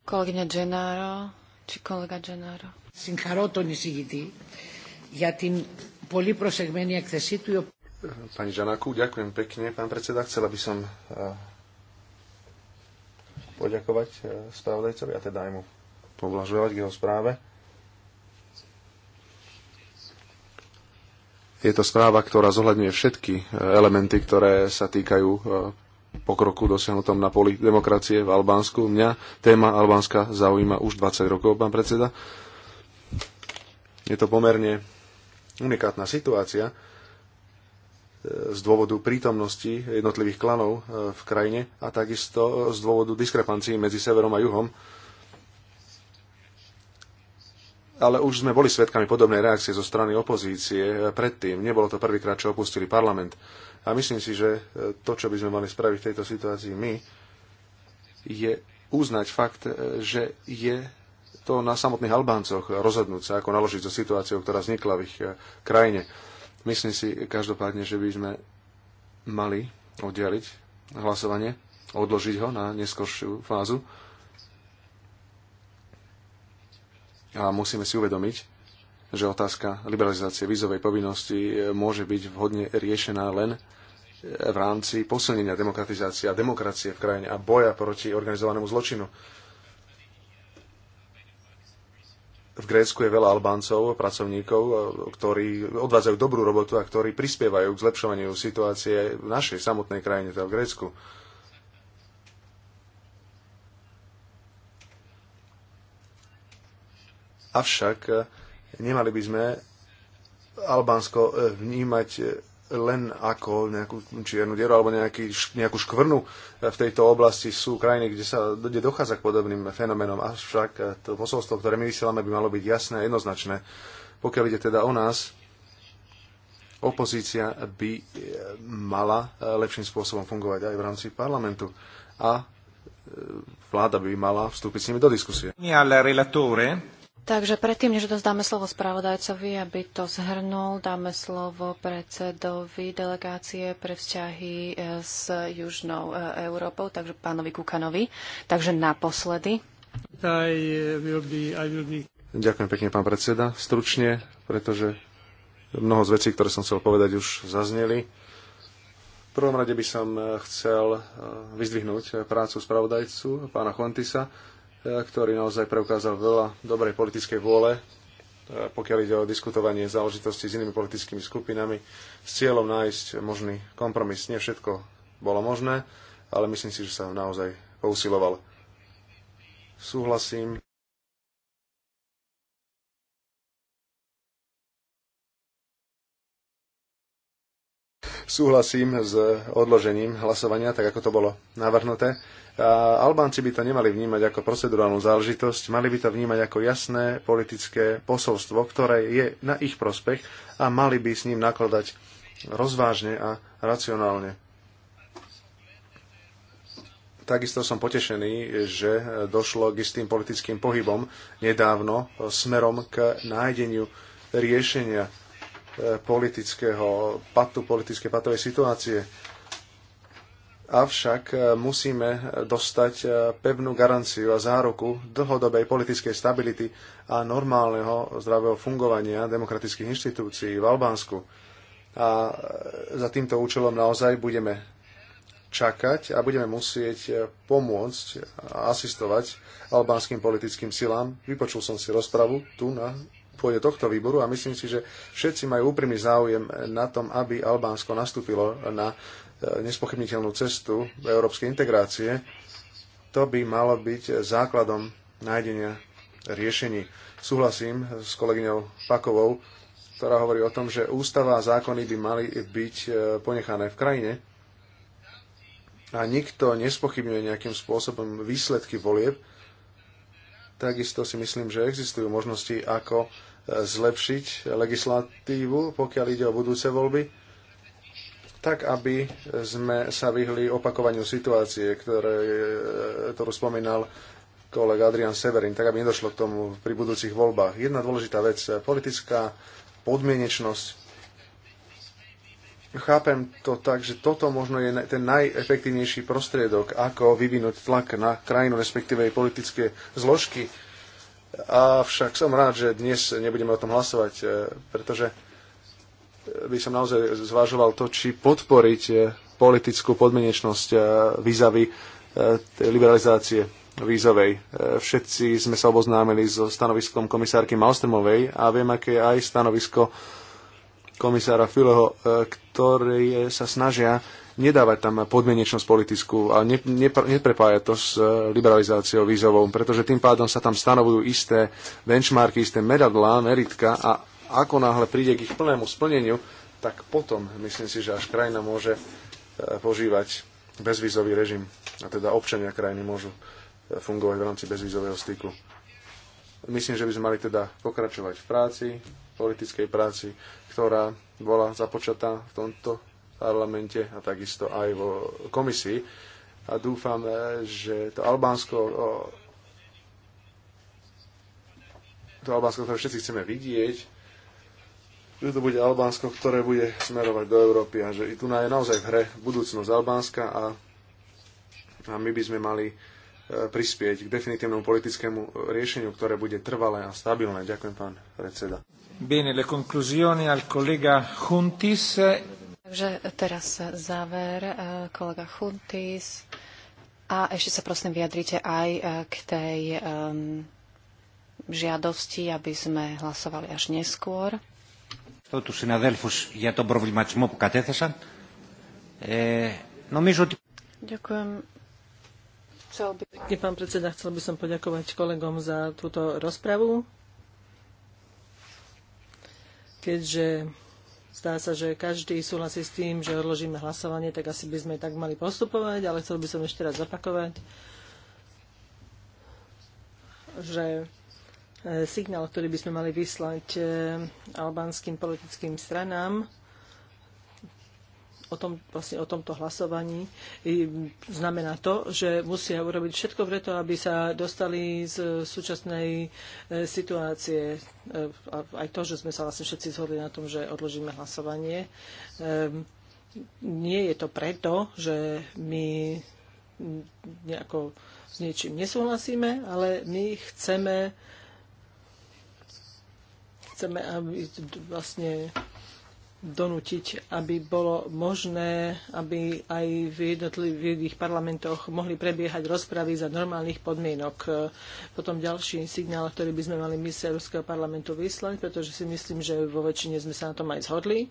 Kolegyňa Gennaro, či kolega Gennaro. Συγχαρώ τον εισηγητή για
την πολύ
Pani Žanaku, ďakujem pekne, pán predseda. Chcela by som eh, poďakovať eh, spravodajcovi a teda aj mu povlažovať k jeho správe. Je to správa, ktorá zohľadňuje všetky eh, elementy, ktoré sa týkajú pokroku dosiahnutom na poli demokracie v Albánsku. Mňa téma Albánska zaujíma už 20 rokov, pán predseda. Je to pomerne unikátna situácia, E, z dôvodu prítomnosti jednotlivých klanov e, v krajine a takisto z dôvodu diskrepancií medzi severom a juhom. Ale už sme boli svedkami podobnej reakcie zo strany opozície e, predtým. Nebolo to prvýkrát, čo opustili parlament. A myslím si, že to, čo by sme mali spraviť v tejto situácii my, je uznať fakt, že je to na samotných Albáncoch rozhodnúť sa, ako naložiť so situáciou, ktorá vznikla v ich krajine Myslím si každopádne, že by sme mali oddialiť hlasovanie, odložiť ho na neskoršiu fázu. A musíme si uvedomiť, že otázka liberalizácie vízovej povinnosti môže byť vhodne riešená len v rámci posilnenia demokratizácie a demokracie v krajine a boja proti organizovanému zločinu. v Grécku je veľa Albáncov, pracovníkov, e, ktorí odvádzajú dobrú robotu a ktorí prispievajú k zlepšovaniu situácie v našej samotnej krajine, teda v Grécku. Avšak e, nemali by sme Albánsko e, vnímať len ako nejakú čiernu dieru alebo nejaký, nejakú škvrnu e, v tejto oblasti sú krajiny, kde, sa, kde dochádza k podobným fenoménom. Avšak e, to posolstvo, ktoré my vysielame, by malo byť jasné a jednoznačné. Pokiaľ ide teda o nás, opozícia by e, mala lepším spôsobom fungovať aj v rámci parlamentu a vláda by mala vstúpiť s nimi do diskusie.
Takže predtým, než dozdáme slovo spravodajcovi, aby to zhrnul, dáme slovo predsedovi delegácie pre vzťahy e, s Južnou e, Európou, takže pánovi Kukanovi. Takže naposledy.
E, Ďakujem pekne, pán predseda. Stručne, pretože mnoho z vecí, ktoré som chcel povedať, už zazneli. V prvom rade by som chcel vyzdvihnúť prácu spravodajcu, pána Chuantisa, Eh, ktorý naozaj preukázal veľa dobrej politickej vôle, eh, pokiaľ ide o diskutovanie záležitosti s inými politickými skupinami, s cieľom nájsť možný kompromis. Nie všetko bolo možné, ale myslím si, že sa naozaj pousiloval. Súhlasím Súhlasím s odložením hlasovania, tak ako to bolo navrhnuté. A Albánci by to nemali vnímať ako procedurálnu záležitosť, mali by to vnímať ako jasné politické posolstvo, ktoré je na ich prospech a mali by s ním nakladať rozvážne a racionálne. Takisto som potešený, že došlo k istým politickým pohybom nedávno smerom k nájdeniu riešenia Eh, politického patu, politické patovej situácie. Avšak eh, musíme dostať eh, pevnú garanciu a záruku dlhodobej politickej stability a normálneho zdravého fungovania demokratických inštitúcií v Albánsku. A za týmto účelom naozaj budeme čakať a budeme musieť pomôcť a asistovať albánskym politickým silám. Vypočul som si rozpravu tu na pôde tohto výboru a myslím si, že všetci majú úprimný záujem na tom, aby Albánsko nastúpilo na e, nespochybniteľnú cestu európskej integrácie. To by malo byť základom nájdenia riešení. Súhlasím s kolegyňou Pakovou, ktorá hovorí o tom, že ústava a zákony by mali byť e, ponechané v krajine a nikto nespochybňuje nejakým spôsobom výsledky volieb, takisto si myslím, že existujú možnosti, ako zlepšiť legislatívu, pokiaľ ide o budúce voľby, tak aby sme sa vyhli opakovaniu situácie, ktoré, ktorú spomínal kolega Adrian Severin, tak aby nedošlo k tomu pri budúcich voľbách. Jedna dôležitá vec, politická podmienečnosť. Chápem to tak, že toto možno je ten najefektívnejší prostriedok, ako vyvinúť tlak na krajinu, respektíve jej politické zložky, Avšak som rád, že dnes nebudeme o tom hlasovať, e, pretože by som naozaj zvažoval to, či podporiť e, politickú podmienečnosť e, výzavy liberalizácie vízovej. Všetci sme sa oboznámili so stanoviskom komisárky Malstromovej a viem, aké je aj stanovisko komisára Fileho, ktoré sa snažia nedávať tam podmienečnosť politickú a ne, ne, neprepájať to s eh, liberalizáciou vízovou, pretože tým pádom sa tam stanovujú isté benchmarky, isté meradlá, meritka a ako náhle príde k ich plnému splneniu, tak potom myslím si, že až krajina môže eh, požívať bezvízový režim a teda občania krajiny môžu eh, fungovať v rámci bezvízového styku. Myslím, že by sme mali teda pokračovať v práci, politickej práci, ktorá bola započatá v tomto parlamente a takisto aj vo komisii. A dúfam, eh, že to Albánsko, to Albánsko, ktoré všetci chceme vidieť, že to bude Albánsko, ktoré bude smerovať do Európy a že i tu je naozaj v hre budúcnosť Albánska a, a my by sme mali eh, prispieť k definitívnemu politickému eh, riešeniu, ktoré bude trvalé a stabilné. Ďakujem, pán predseda.
Bene, le conclusioni al collega Juntis.
Takže teraz záver, eh, kolega Chuntis. A ešte sa prosím vyjadrite aj eh, k tej um, žiadosti, aby sme hlasovali až neskôr.
To tu συναδέλφους για τον προβληματισμό που κατέθεσαν. Ε, νομίζω ότι...
Ďakujem.
Chcel by... Pán predseda, chcel by som poďakovať kolegom za túto rozpravu. Keďže Zdá sa, že každý súhlasí s tým, že odložíme hlasovanie, tak asi by sme tak mali postupovať, ale chcel by som ešte raz zapakovať, že e, signál, ktorý by sme mali vyslať e, albánskym politickým stranám, o, tom, vlastne o tomto hlasovaní znamená to, že musia urobiť všetko preto, aby sa dostali z súčasnej e, situácie. E, a aj to, že sme sa vlastne všetci zhodli na tom, že odložíme hlasovanie. E, nie je to preto, že my nejako s niečím nesúhlasíme, ale my chceme chceme, aby vlastne donútiť, aby bolo možné, aby aj v jednotlivých parlamentoch mohli prebiehať rozpravy za normálnych podmienok. Potom ďalší signál, ktorý by sme mali my z Európskeho parlamentu vyslať, pretože si myslím, že vo väčšine sme sa na tom aj zhodli,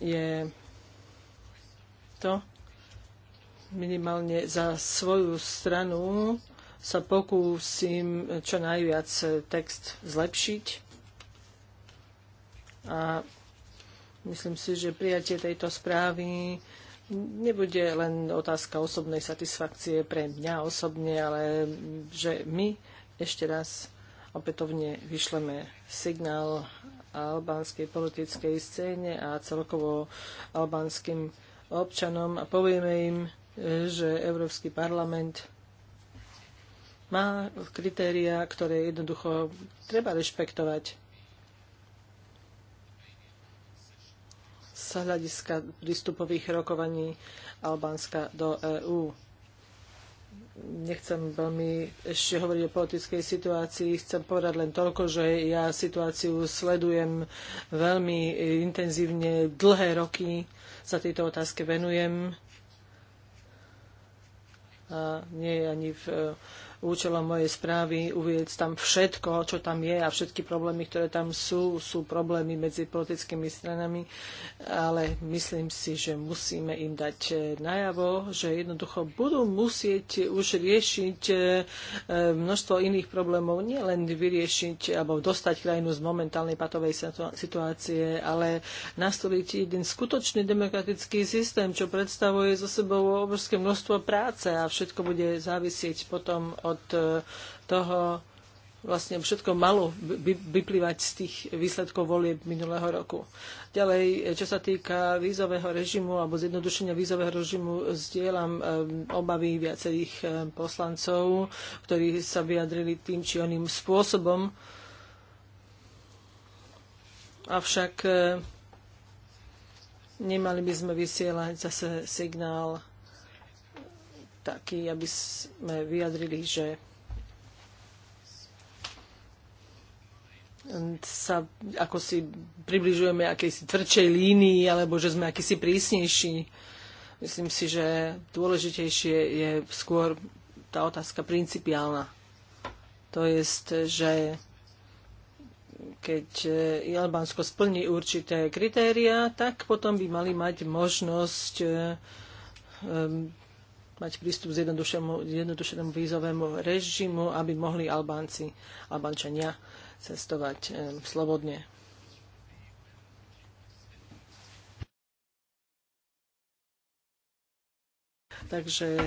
je to minimálne za svoju stranu sa pokúsim čo najviac text zlepšiť a myslím si, že prijatie tejto správy nebude len otázka osobnej satisfakcie pre mňa osobne, ale že my ešte raz opätovne vyšleme signál albánskej politickej scéne a celkovo albánskym občanom a povieme im, že Európsky parlament má kritéria, ktoré jednoducho treba rešpektovať z hľadiska prístupových rokovaní Albánska do EÚ. Nechcem veľmi ešte hovoriť o politickej situácii, chcem povedať len toľko, že ja situáciu sledujem veľmi intenzívne, dlhé roky sa tejto otázke venujem. A nie ani v účelom mojej správy uvieť tam všetko, čo tam je a všetky problémy, ktoré tam sú, sú problémy medzi politickými stranami, ale myslím si, že musíme im dať eh, najavo, že jednoducho budú musieť už riešiť eh, eh, množstvo iných problémov, nielen vyriešiť alebo dostať krajinu z momentálnej patovej situácie, ale nastoliť jeden skutočný demokratický systém, čo predstavuje za sebou obrovské množstvo práce a všetko bude závisieť potom od e, toho, vlastne všetko malo vyplývať z tých výsledkov volieb minulého roku. Ďalej, e, čo sa týka vízového režimu alebo zjednodušenia vízového režimu, zdieľam e, obavy viacerých poslancov, ktorí sa vyjadrili tým či oným spôsobom. Avšak nemali by sme vysielať zase signál taký, aby sme vyjadrili, že sa ako si približujeme akejsi tvrdšej línii, alebo že sme akýsi prísnejší. Myslím si, že dôležitejšie je skôr tá otázka principiálna. To je, že keď Albánsko splní určité kritéria, tak potom by mali mať možnosť ehm, mať prístup k jednodušenému vízovému režimu, aby mohli Albánci, Albánčania cestovať e, slobodne. Takže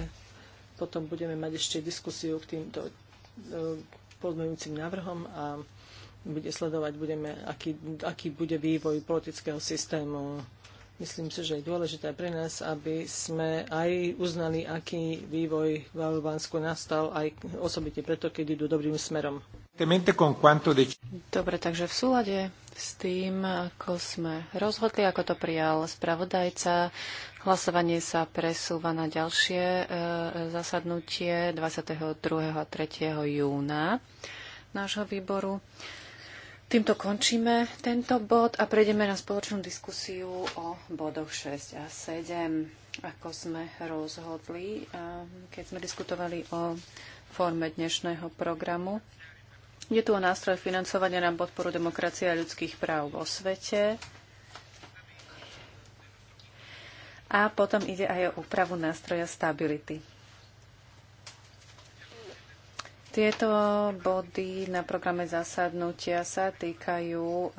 potom budeme mať ešte diskusiu k týmto e, pozmeňujúcim návrhom a bude sledovať budeme, aký, aký bude vývoj politického systému Myslím si, že je dôležité pre nás, aby sme aj uznali, aký vývoj v Albánsku nastal, aj osobite preto, keď idú dobrým smerom.
Dobre, takže v súlade s tým, ako sme rozhodli, ako to prijal spravodajca, hlasovanie sa presúva na ďalšie e, zasadnutie 22. a 3. júna nášho výboru. Týmto končíme tento bod a prejdeme na spoločnú diskusiu o bodoch 6 a 7, ako sme rozhodli, keď sme diskutovali o forme dnešného programu. Je tu o nástroj financovania na podporu demokracie a ľudských práv vo svete. A potom ide aj o úpravu nástroja stability. Tieto body na programe zasadnutia sa týkajú e, e,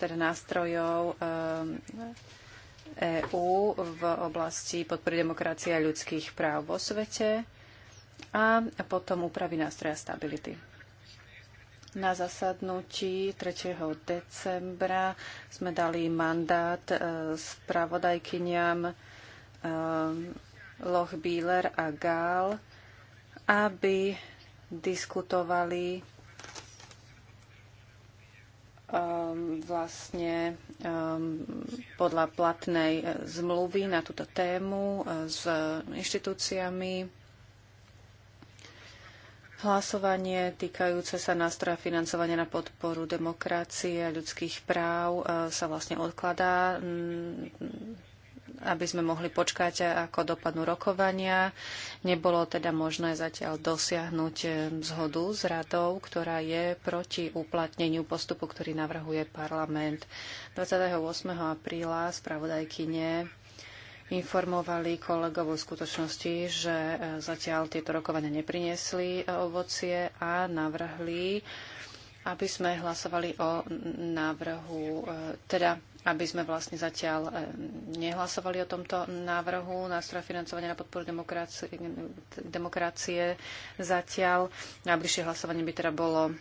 teda nástrojov EÚ e v oblasti podpory demokracie a ľudských práv vo svete a potom úpravy nástroja stability. Na zasadnutí 3. decembra sme dali mandát spravodajkyniam Loch Bieler a Gál aby diskutovali um, vlastne um, podľa platnej e, zmluvy na túto tému e, s inštitúciami Hlasovanie týkajúce sa nástroja financovania na podporu demokracie a ľudských práv e, sa vlastne odkladá aby sme mohli počkať, ako dopadnú rokovania. Nebolo teda možné zatiaľ dosiahnuť e, zhodu s radou, ktorá je proti uplatneniu postupu, ktorý navrhuje parlament. 28. apríla spravodajkyne informovali kolegov o skutočnosti, že e, zatiaľ tieto rokovania nepriniesli e, ovocie a navrhli, aby sme hlasovali o návrhu, teda aby sme vlastne zatiaľ eh, nehlasovali o tomto návrhu nástroja financovania na podporu demokracie, demokracie zatiaľ. Najbližšie hlasovanie by teda bolo um,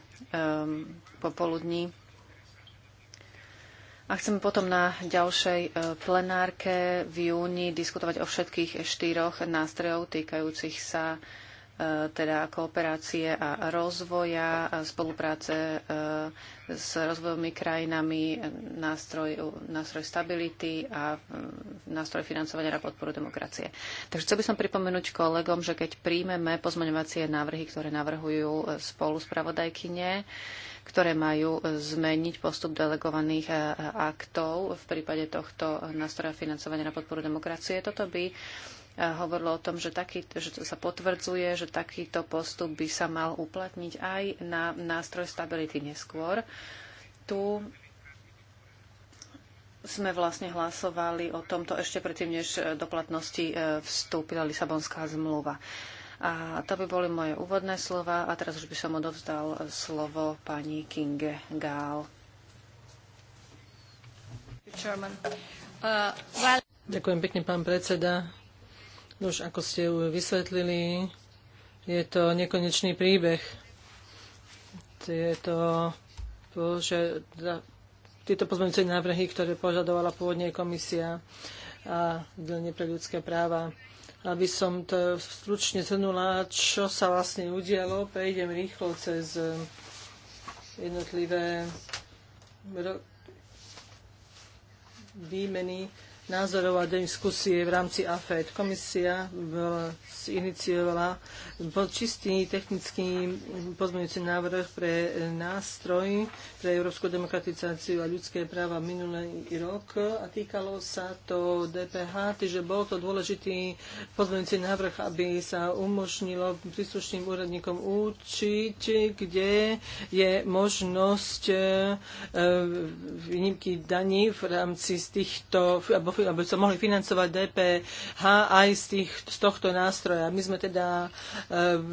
popoludní. A chceme potom na ďalšej eh, plenárke v júni diskutovať o všetkých štyroch nástrojov týkajúcich sa uh, E, teda kooperácie a rozvoja, a spolupráce e, s rozvojovými krajinami, nástroj, nástroj stability a e, nástroj financovania na podporu demokracie. Takže chcel by som pripomenúť kolegom, že keď príjmeme pozmeňovacie návrhy, ktoré navrhujú spolu spravodajkyne, ktoré majú zmeniť postup delegovaných aktov v prípade tohto nástroja financovania na podporu demokracie. Toto by hovorilo o tom, že, taký, že to sa potvrdzuje, že takýto postup by sa mal uplatniť aj na nástroj stability neskôr. Tu sme vlastne hlasovali o tomto ešte predtým, než do platnosti e, vstúpila Lisabonská zmluva. A to by boli moje úvodné slova a teraz už by som odovzdal slovo pani Kinge Gál. Uh,
Ďakujem pekne, pán predseda. Už ako ste ju vysvetlili, je to nekonečný príbeh. Je to, že tieto pozmeňujúce návrhy, ktoré požadovala pôvodne komisia a delne pre ľudské práva. Aby som to stručne zhrnula, čo sa vlastne udialo, prejdem rýchlo cez eh, jednotlivé výmeny názorov a diskusie v rámci AFED. Komisia iniciovala čistý technický pozmeňujúci návrh pre nástroj pre európsku demokratizáciu a ľudské práva minulý rok a týkalo sa to DPH, takže bol to dôležitý pozmeňujúci návrh, aby sa umožnilo príslušným úradníkom učiť, kde je možnosť eh, výnimky daní v rámci z týchto, alebo aby sa mohli financovať DPH aj z, tých, z tohto nástroja. My sme teda e,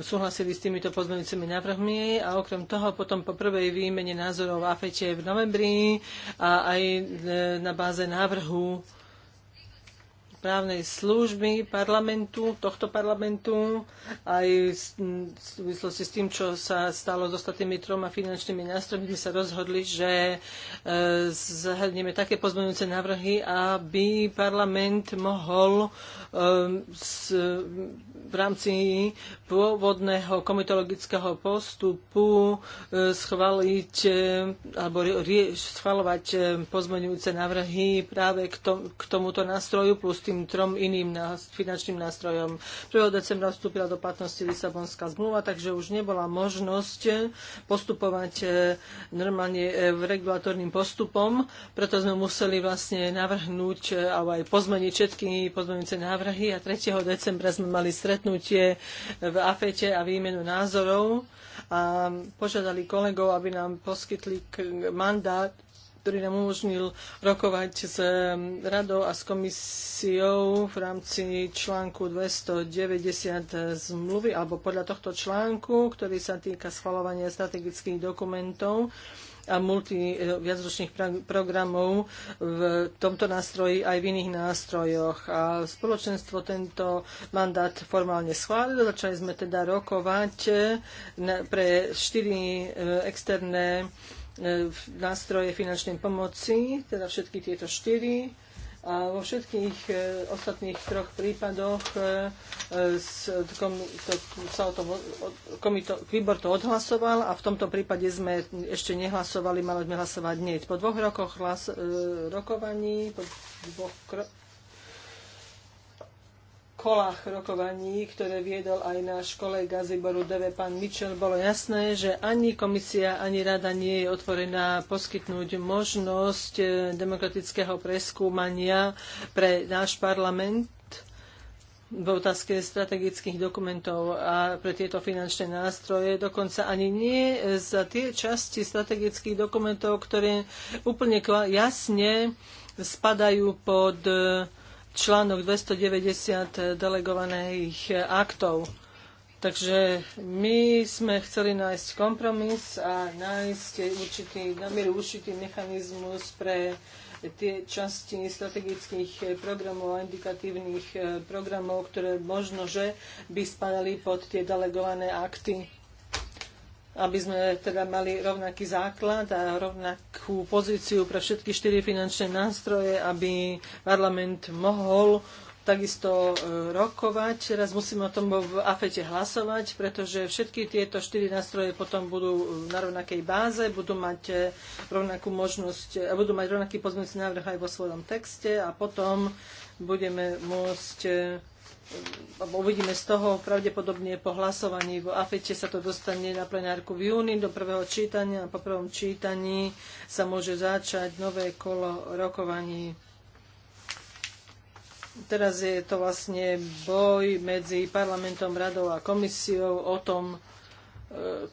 súhlasili s týmito pozmeňujúcimi návrhmi a okrem toho potom po prvej výmene názorov v AFETE v novembri a aj e, na báze návrhu právnej služby parlamentu, tohto parlamentu, aj v súvislosti s tým, čo sa stalo s ostatnými troma finančnými nástrojmi, sme sa rozhodli, že e, zahrnieme také pozmeňujúce návrhy, aby parlament mohol e, v rámci pôvodného komitologického postupu e, schváliť alebo schvalovať pozmeňujúce návrhy práve k tomuto nástroju plus tým tým trom iným finančným nástrojom. 1. decembra vstúpila do platnosti Lisabonská zmluva, takže už nebola možnosť postupovať e, normálne e, regulatorným postupom, preto sme museli vlastne navrhnúť e, alebo aj pozmeniť všetky pozmenujúce návrhy a 3. decembra sme mali stretnutie v AFETE a výmenu názorov a požiadali kolegov, aby nám poskytli mandát ktorý nám umožnil rokovať s um, radou a s komisiou v rámci článku 290 zmluvy, alebo podľa tohto článku, ktorý sa týka schvalovania strategických dokumentov a multi e, viacročných programov v tomto nástroji aj v iných nástrojoch. A spoločenstvo tento mandát formálne schválilo. Začali sme teda rokovať e, pre štyri e, externé E, nástroje finančnej pomoci, teda všetky tieto štyri. A vo všetkých e, ostatných troch prípadoch výbor to odhlasoval a v tomto prípade sme ešte nehlasovali, mali sme hlasovať dnes. Po dvoch rokoch hlas, e, rokovaní, po dvoch krokoch kolách rokovaní, ktoré viedol aj náš kolega z výboru DV, pán Mitchell, bolo jasné, že ani komisia, ani rada nie je otvorená poskytnúť možnosť e, demokratického preskúmania pre náš parlament v otázke strategických dokumentov a pre tieto finančné nástroje, dokonca ani nie za tie časti strategických dokumentov, ktoré úplne jasne spadajú pod e, článok 290 delegovaných aktov. Takže my sme chceli nájsť kompromis a nájsť určitý, namieru určitý mechanizmus pre tie časti strategických programov a indikatívnych eh, programov, ktoré možno, že by spadali pod tie delegované akty aby sme teda mali rovnaký základ a rovnakú pozíciu pre všetky štyri finančné nástroje, aby parlament mohol takisto e, rokovať. Teraz musíme o tom v AFETE hlasovať, pretože všetky tieto štyri nástroje potom budú e, na rovnakej báze, budú mať e, rovnakú možnosť, budú mať rovnaký pozmeňujúci návrh aj vo svojom texte a potom budeme môcť uvidíme z toho pravdepodobne po hlasovaní vo AFETE sa to dostane na plenárku v júni do prvého čítania a po prvom čítaní sa môže začať nové kolo rokovaní. Teraz je to vlastne boj medzi parlamentom, radou a komisiou o tom, e,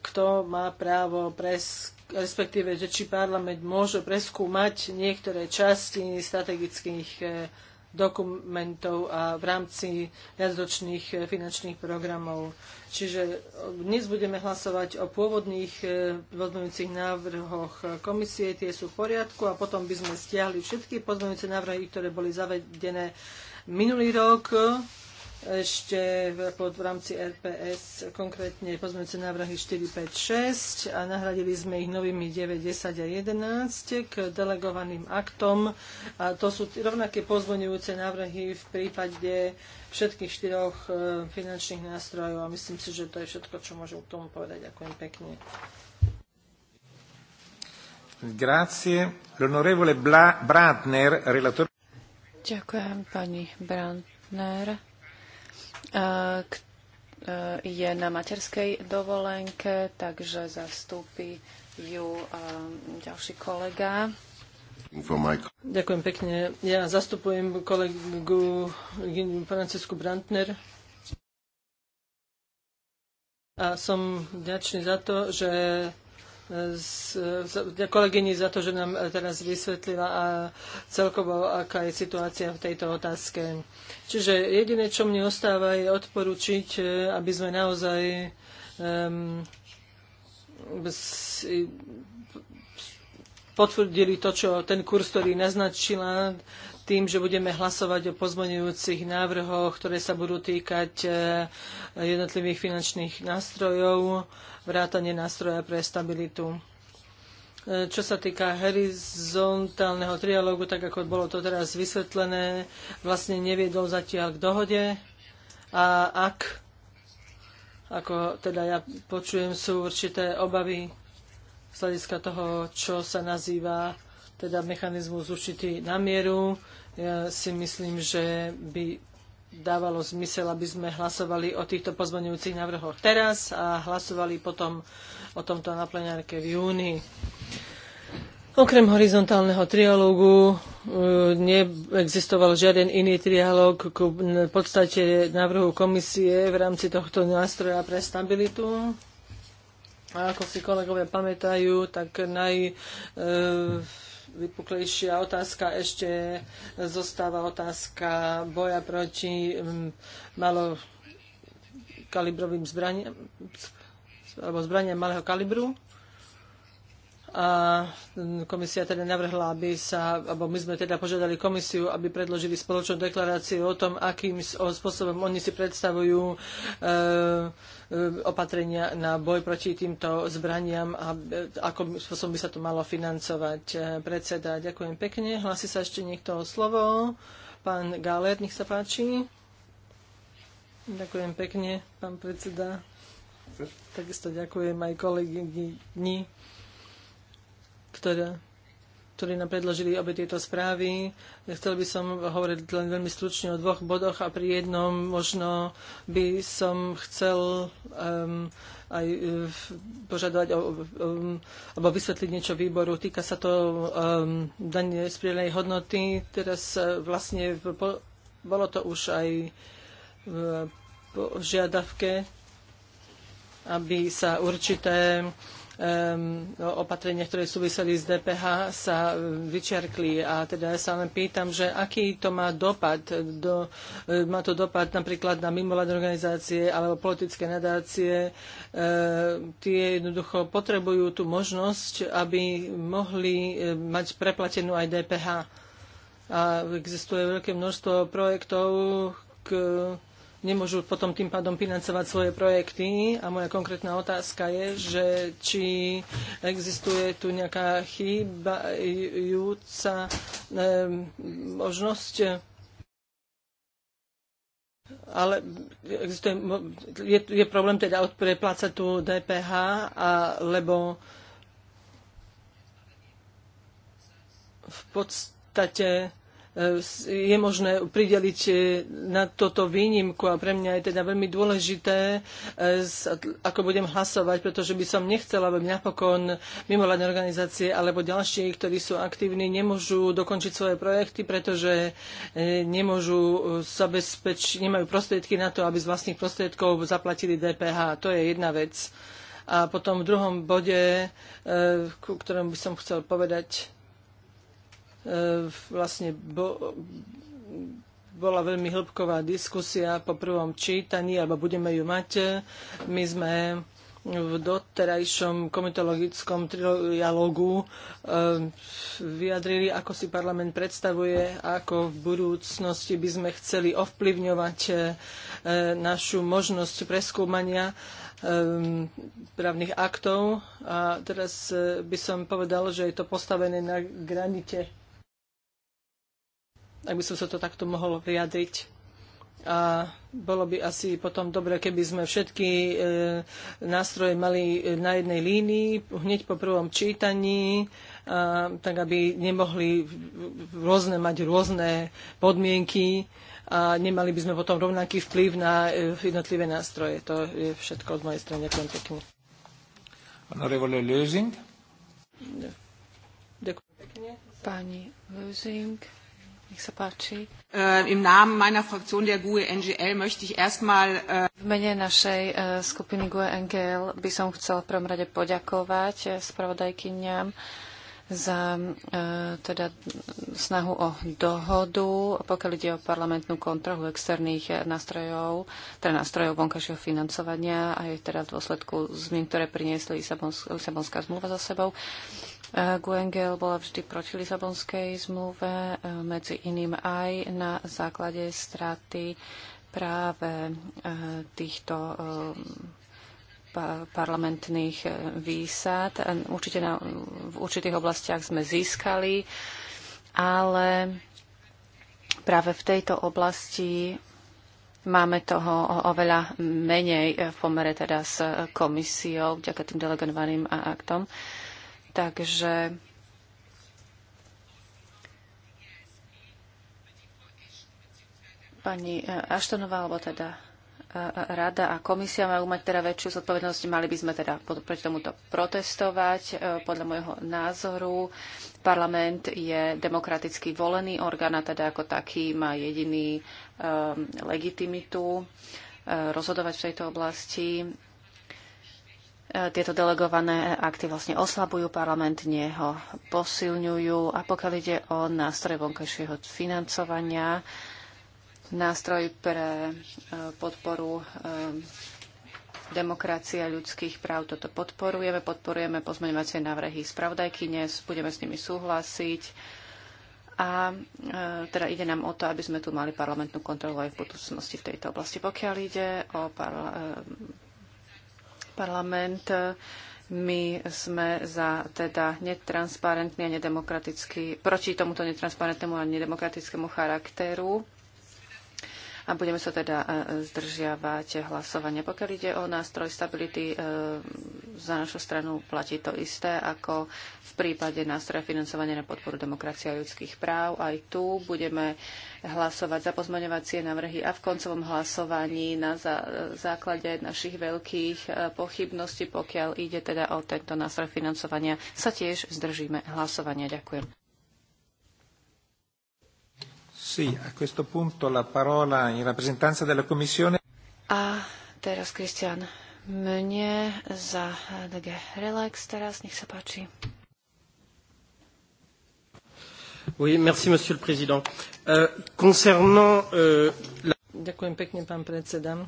kto má právo presk- respektíve, že či parlament môže preskúmať niektoré časti strategických e, dokumentov a v rámci viacročných eh, finančných programov. Čiže eh, dnes budeme hlasovať o pôvodných eh, pozmeňujúcich návrhoch komisie, tie sú v poriadku a potom by sme stiahli všetky pozmeňujúce návrhy, ktoré boli zavedené minulý rok ešte pod, v rámci RPS, konkrétne pozmeňujúce návrhy 4, 5, 6 a nahradili sme ich novými 9, 10 a 11 k delegovaným aktom. A to sú rovnaké pozmeňujúce návrhy v prípade všetkých štyroch e, finančných nástrojov a myslím si, že to je všetko, čo môžem k tomu povedať. Ďakujem pekne.
Grazie. L'onorevole Bratner, relator...
Ďakujem pani Brandner E, je na materskej dovolenke, takže zastúpi ju e, ďalší kolega.
Ďakujem pekne. Ja zastupujem
kolegu
Francisku Brantner. A som vďačný za to, že z, z, kolegyni za to, že nám teraz vysvetlila a celkovo, aká je situácia v tejto otázke. Čiže jediné, čo mne ostáva, je odporučiť, e, aby sme naozaj um, potvrdili to, čo ten kurz, ktorý naznačila, tým, že budeme hlasovať o pozmenujúcich návrhoch, ktoré sa budú týkať e, jednotlivých finančných nástrojov, vrátanie nástroja pre stabilitu. E, čo sa týka horizontálneho trialógu, tak ako bolo to teraz vysvetlené, vlastne neviedol zatiaľ k dohode. A ak, ako teda ja počujem, sú určité obavy z hľadiska toho, čo sa nazýva teda mechanizmus určitý na mieru. Ja si myslím, že by dávalo zmysel, aby sme hlasovali o týchto pozmeňujúcich návrhoch teraz a hlasovali potom o tomto na plenárke v júni. Okrem horizontálneho trialógu e, neexistoval žiaden iný trialóg k podstate návrhu komisie v rámci tohto nástroja pre stabilitu. A ako si kolegovia pamätajú, tak naj, e, najvypuklejšia otázka ešte zostáva otázka boja proti mm, malokalibrovým zbraniam alebo zbraniam malého kalibru a komisia teda navrhla, aby sa, alebo my sme teda požiadali komisiu, aby predložili spoločnú deklaráciu o tom, akým spôsobom oni si predstavujú e, e, opatrenia na boj proti týmto zbraniam a e, akým spôsobom by sa to malo financovať. Predseda, ďakujem pekne. Hlasí sa ešte niekto o slovo? Pán Galer, nech sa páči. Ďakujem pekne, pán predseda. Takisto ďakujem aj kolegyni ktorá ktorí nám predložili obe tieto správy. Chcel by som hovoriť len veľmi stručne o dvoch bodoch a pri jednom možno by som chcel um, aj um, požadovať o, um, alebo vysvetliť niečo výboru. Týka sa to um, dane z hodnoty. Teraz uh, vlastne v, po, bolo to už aj v e, žiadavke, aby sa určité opatrenia, ktoré súviseli s DPH, sa vyčerkli. A teda ja sa len pýtam, že aký to má dopad. Do, e, má to dopad napríklad na mimovládne organizácie alebo politické nadácie. tie jednoducho potrebujú tú možnosť, aby mohli mať preplatenú aj DPH. A existuje veľké množstvo projektov, k, nemôžu potom tým pádom financovať svoje projekty. A moja konkrétna otázka je, že či existuje tu nejaká chýbajúca možnosť ale existuje, je, je problém teda odpreplácať tú DPH, a, lebo v podstate E, je možné prideliť e, na toto výnimku a pre mňa je teda veľmi dôležité, e, ako budem hlasovať, pretože by som nechcela, aby napokon mimovládne organizácie alebo ďalšie, ktorí sú aktívni, nemôžu dokončiť svoje projekty, pretože nemôžu zabezpečiť, nemajú prostriedky na to, aby z vlastných prostriedkov zaplatili DPH. To je jedna vec. A potom v druhom bode, ku ktorom by som chcel povedať, E, vlastne bo, bola veľmi hĺbková diskusia po prvom čítaní, alebo budeme ju mať. My sme v doterajšom komitologickom trialogu e, vyjadrili, ako si parlament predstavuje, ako v budúcnosti by sme chceli ovplyvňovať e, našu možnosť preskúmania právnych aktov. A teraz by som povedal, že je to postavené na granite ak by som sa to takto mohol vyjadriť a bolo by asi potom dobre, keby sme všetky e, nástroje mali e, na jednej línii hneď po prvom čítaní, a, tak aby nemohli rôzne mať rôzne podmienky a nemali by sme potom rovnaký vplyv na e, jednotlivé nástroje. To je všetko od mojej strany. Ďakujem pekne.
Honorable
Ďakujem pekne. Pani Lusing. Nech sa páči. Äh, e äh, v mene našej äh, skupiny GUE NGL by som chcel v prvom rade poďakovať spravodajkyniam za teda snahu o dohodu, pokiaľ ide o parlamentnú kontrolu externých nástrojov, teda nástrojov vonkajšieho financovania a je teda v dôsledku zmien, ktoré priniesli Lisabonská zmluva za sebou. Guengel bola vždy proti Lisabonskej zmluve, e, medzi iným aj na základe straty práve e, týchto e, parlamentných výsad. Určite na, v určitých oblastiach sme získali, ale práve v tejto oblasti máme toho oveľa menej v pomere teda s komisiou, vďaka tým delegovaným aktom. Uh, Takže pani e, Aštonová, alebo teda e, e, rada a komisia majú mať teda väčšiu zodpovednosť. Mali by sme teda proti tomuto protestovať. Podľa môjho názoru parlament je demokraticky volený orgán a teda ako taký má jediný um, legitimitu rozhodovať v tejto oblasti. E, tieto delegované akty vlastne oslabujú parlament, nie ho posilňujú. A pokiaľ ide o nástroj vonkajšieho financovania, nástroj pre e, podporu e, demokracie a ľudských práv, toto podporujeme. Podporujeme pozmeňovacie návrhy spravodajky dnes, budeme s nimi súhlasiť. A e, teda ide nám o to, aby sme tu mali parlamentnú kontrolu aj v budúcnosti v tejto oblasti. Pokiaľ ide o parla- e, parlament. My sme za teda netransparentný a nedemokratický, proti tomuto netransparentnému a nedemokratickému charakteru a budeme sa teda e, zdržiavať hlasovania. Pokiaľ ide o nástroj stability, e, za našu stranu platí to isté ako v prípade nástroja financovania na podporu demokracie a ľudských práv. Aj tu budeme hlasovať za pozmaňovacie návrhy a v koncovom hlasovaní na základe našich veľkých e, pochybností, pokiaľ ide teda o tento nástroj financovania, sa tiež zdržíme hlasovania. Ďakujem.
Sì, a questo punto la parola in rappresentanza della Commissione.
A teraz Kristian mne za DG Relax. Teraz nech sa páči.
Oui, merci, monsieur le président. Euh, concernant euh, la... Ďakujem pekne, pán predseda.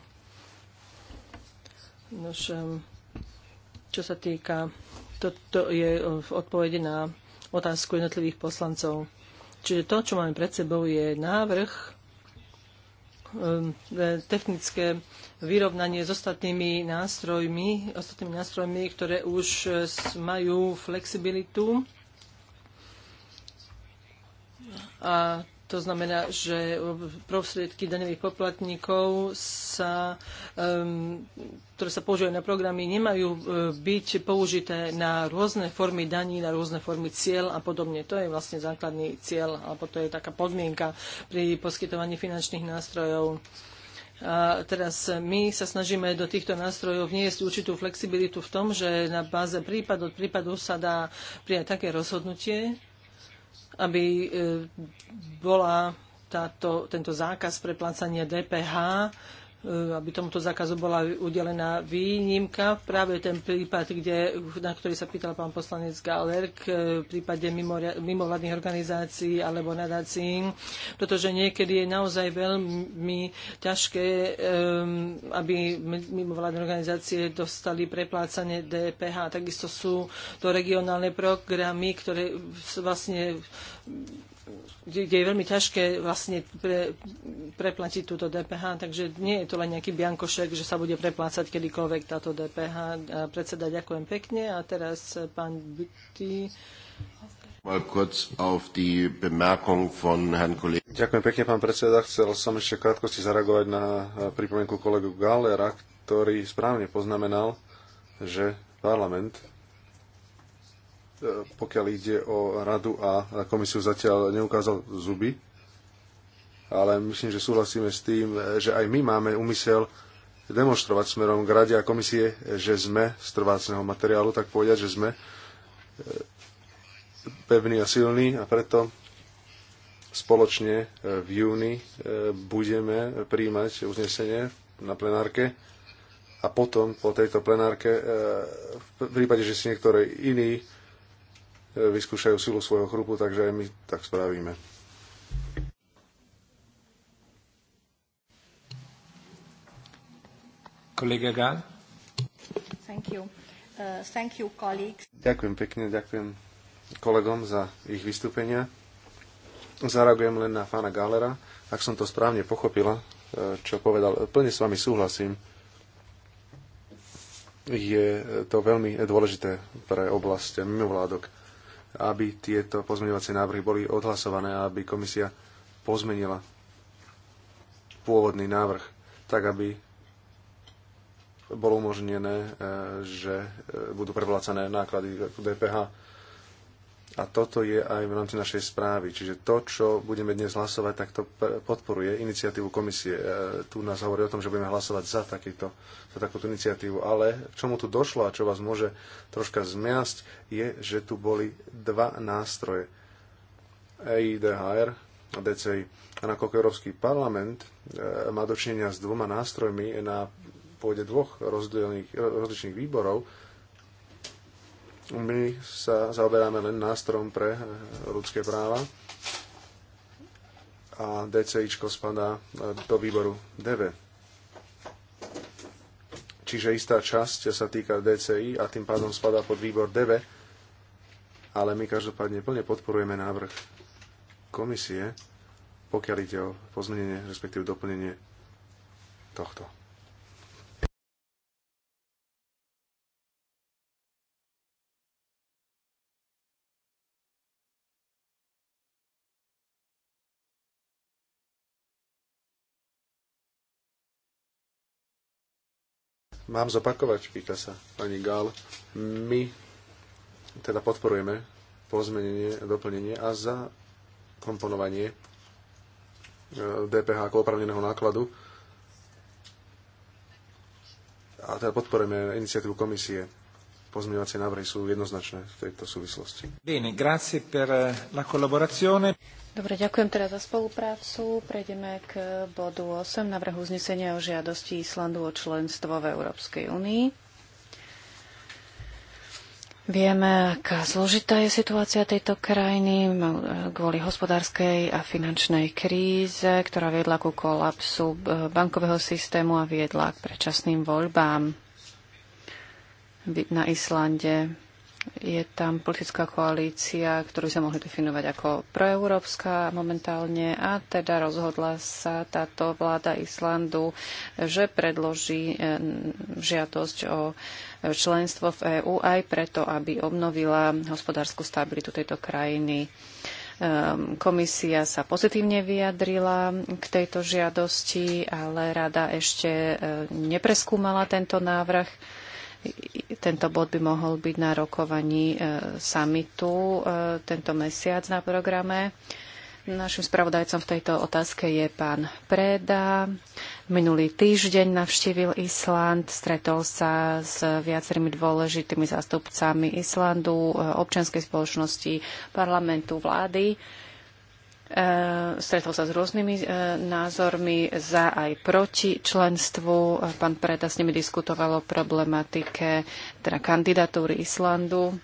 Nož, ehm, čo sa týka, toto je eh, v odpovede na otázku jednotlivých poslancov. Čiže to, čo máme pred sebou, je návrh um, e, technické vyrovnanie s ostatnými nástrojmi, ostatnými nástrojmi, ktoré už e, majú flexibilitu. A to znamená, že prostriedky daňových poplatníkov, sa, um, ktoré sa používajú na programy, nemajú e, byť použité na rôzne formy daní, na rôzne formy cieľ a podobne. To je vlastne základný cieľ, alebo to je taká podmienka pri poskytovaní finančných nástrojov. A teraz my sa snažíme do týchto nástrojov vniesť určitú flexibilitu v tom, že na báze prípad od prípadu sa dá prijať také rozhodnutie, aby e, bola táto, tento zákaz preplácania DPH E, aby tomuto zákazu bola udelená výnimka. Práve ten prípad, kde, na ktorý sa pýtal pán poslanec Galer, k e, prípade mimovládnych organizácií alebo nadácií, pretože niekedy je naozaj veľmi ťažké, e, aby mimovládne organizácie dostali preplácanie DPH. Takisto sú to regionálne programy, ktoré vlastne kde je veľmi ťažké vlastne pre, preplatiť túto DPH, takže nie je to len nejaký biankošek, že sa bude preplácať kedykoľvek táto DPH. predseda, ďakujem pekne. A teraz eh, pán Bytý.
Ďakujem pekne, pán predseda. Chcel som ešte krátkosti zareagovať na eh, pripomienku kolegu Gallera, ktorý správne poznamenal, že parlament pokiaľ ide o radu a komisiu zatiaľ neukázal zuby, ale myslím, že súhlasíme s tým, že aj my máme úmysel demonstrovať smerom k rade a komisie, že sme z trvácneho materiálu, tak povedať, že sme e, pevní a silní a preto spoločne e, v júni e, budeme príjmať uznesenie na plenárke a potom po tejto plenárke v prípade, že si niektorý iný vyskúšajú silu svojho chrupu, takže aj my tak spravíme. Kolega Gál.
Thank you. Uh, thank you, colleagues.
Ďakujem pekne, ďakujem kolegom za ich vystúpenia. Zareagujem len na fána Gálera. Ak som to správne pochopila, uh, čo povedal, plne s vami súhlasím je to veľmi dôležité pre oblasti mimovládok aby tieto pozmeňovacie návrhy boli odhlasované a aby komisia pozmenila pôvodný návrh, tak aby bolo umožnené, e, že e, budú prevlácané náklady DPH a toto je aj v rámci našej správy. Čiže to, čo budeme dnes hlasovať, tak to podporuje iniciatívu komisie. E, tu nás hovorí o tom, že budeme hlasovať za, takýto, za takúto iniciatívu. Ale čomu tu došlo a čo vás môže troška zmiasť, je, že tu boli dva nástroje. EIDHR a DCI. A nakoľko Európsky parlament e, má dočinenia s dvoma nástrojmi na pôde dvoch rozličných výborov, my sa zaoberáme len nástrom pre eh, ľudské práva a DCIčko spadá eh, do výboru DV. Čiže istá časť sa týka DCI a tým pádom spadá pod výbor DV, ale my každopádne plne podporujeme návrh komisie, pokiaľ ide o pozmenenie, respektíve doplnenie tohto. Mám zopakovať, pýta sa pani Gál. My teda podporujeme pozmenenie, doplnenie a za komponovanie e, DPH ako opravneného nákladu. A teda podporujeme iniciatívu komisie. Pozmeňovacie návrhy sú jednoznačné v tejto súvislosti.
Bene, grazie per la collaborazione.
Dobre, ďakujem teraz za spoluprácu. Prejdeme k bodu 8, navrhu uznesenia o žiadosti Islandu o členstvo v Európskej únii. Vieme, aká zložitá je situácia tejto krajiny kvôli hospodárskej a finančnej kríze, ktorá viedla ku kolapsu bankového systému a viedla k predčasným voľbám na Islande je tam politická koalícia, ktorú sa mohli definovať ako proeurópska momentálne a teda rozhodla sa táto vláda Islandu, že predloží e, žiadosť o členstvo v EÚ aj preto, aby obnovila hospodárskú stabilitu tejto krajiny. E, komisia sa pozitívne vyjadrila k tejto žiadosti, ale rada ešte e, nepreskúmala tento návrh tento bod by mohol byť na rokovaní e, samitu e, tento mesiac na programe. Našim spravodajcom v tejto otázke je pán Preda. Minulý týždeň navštívil Island, stretol sa s viacerými dôležitými zástupcami Islandu, e, občianskej spoločnosti, parlamentu, vlády. E, stretol sa s rôznymi e, názormi za aj proti členstvu. E, pán Preda s nimi diskutoval o problematike teda kandidatúry Islandu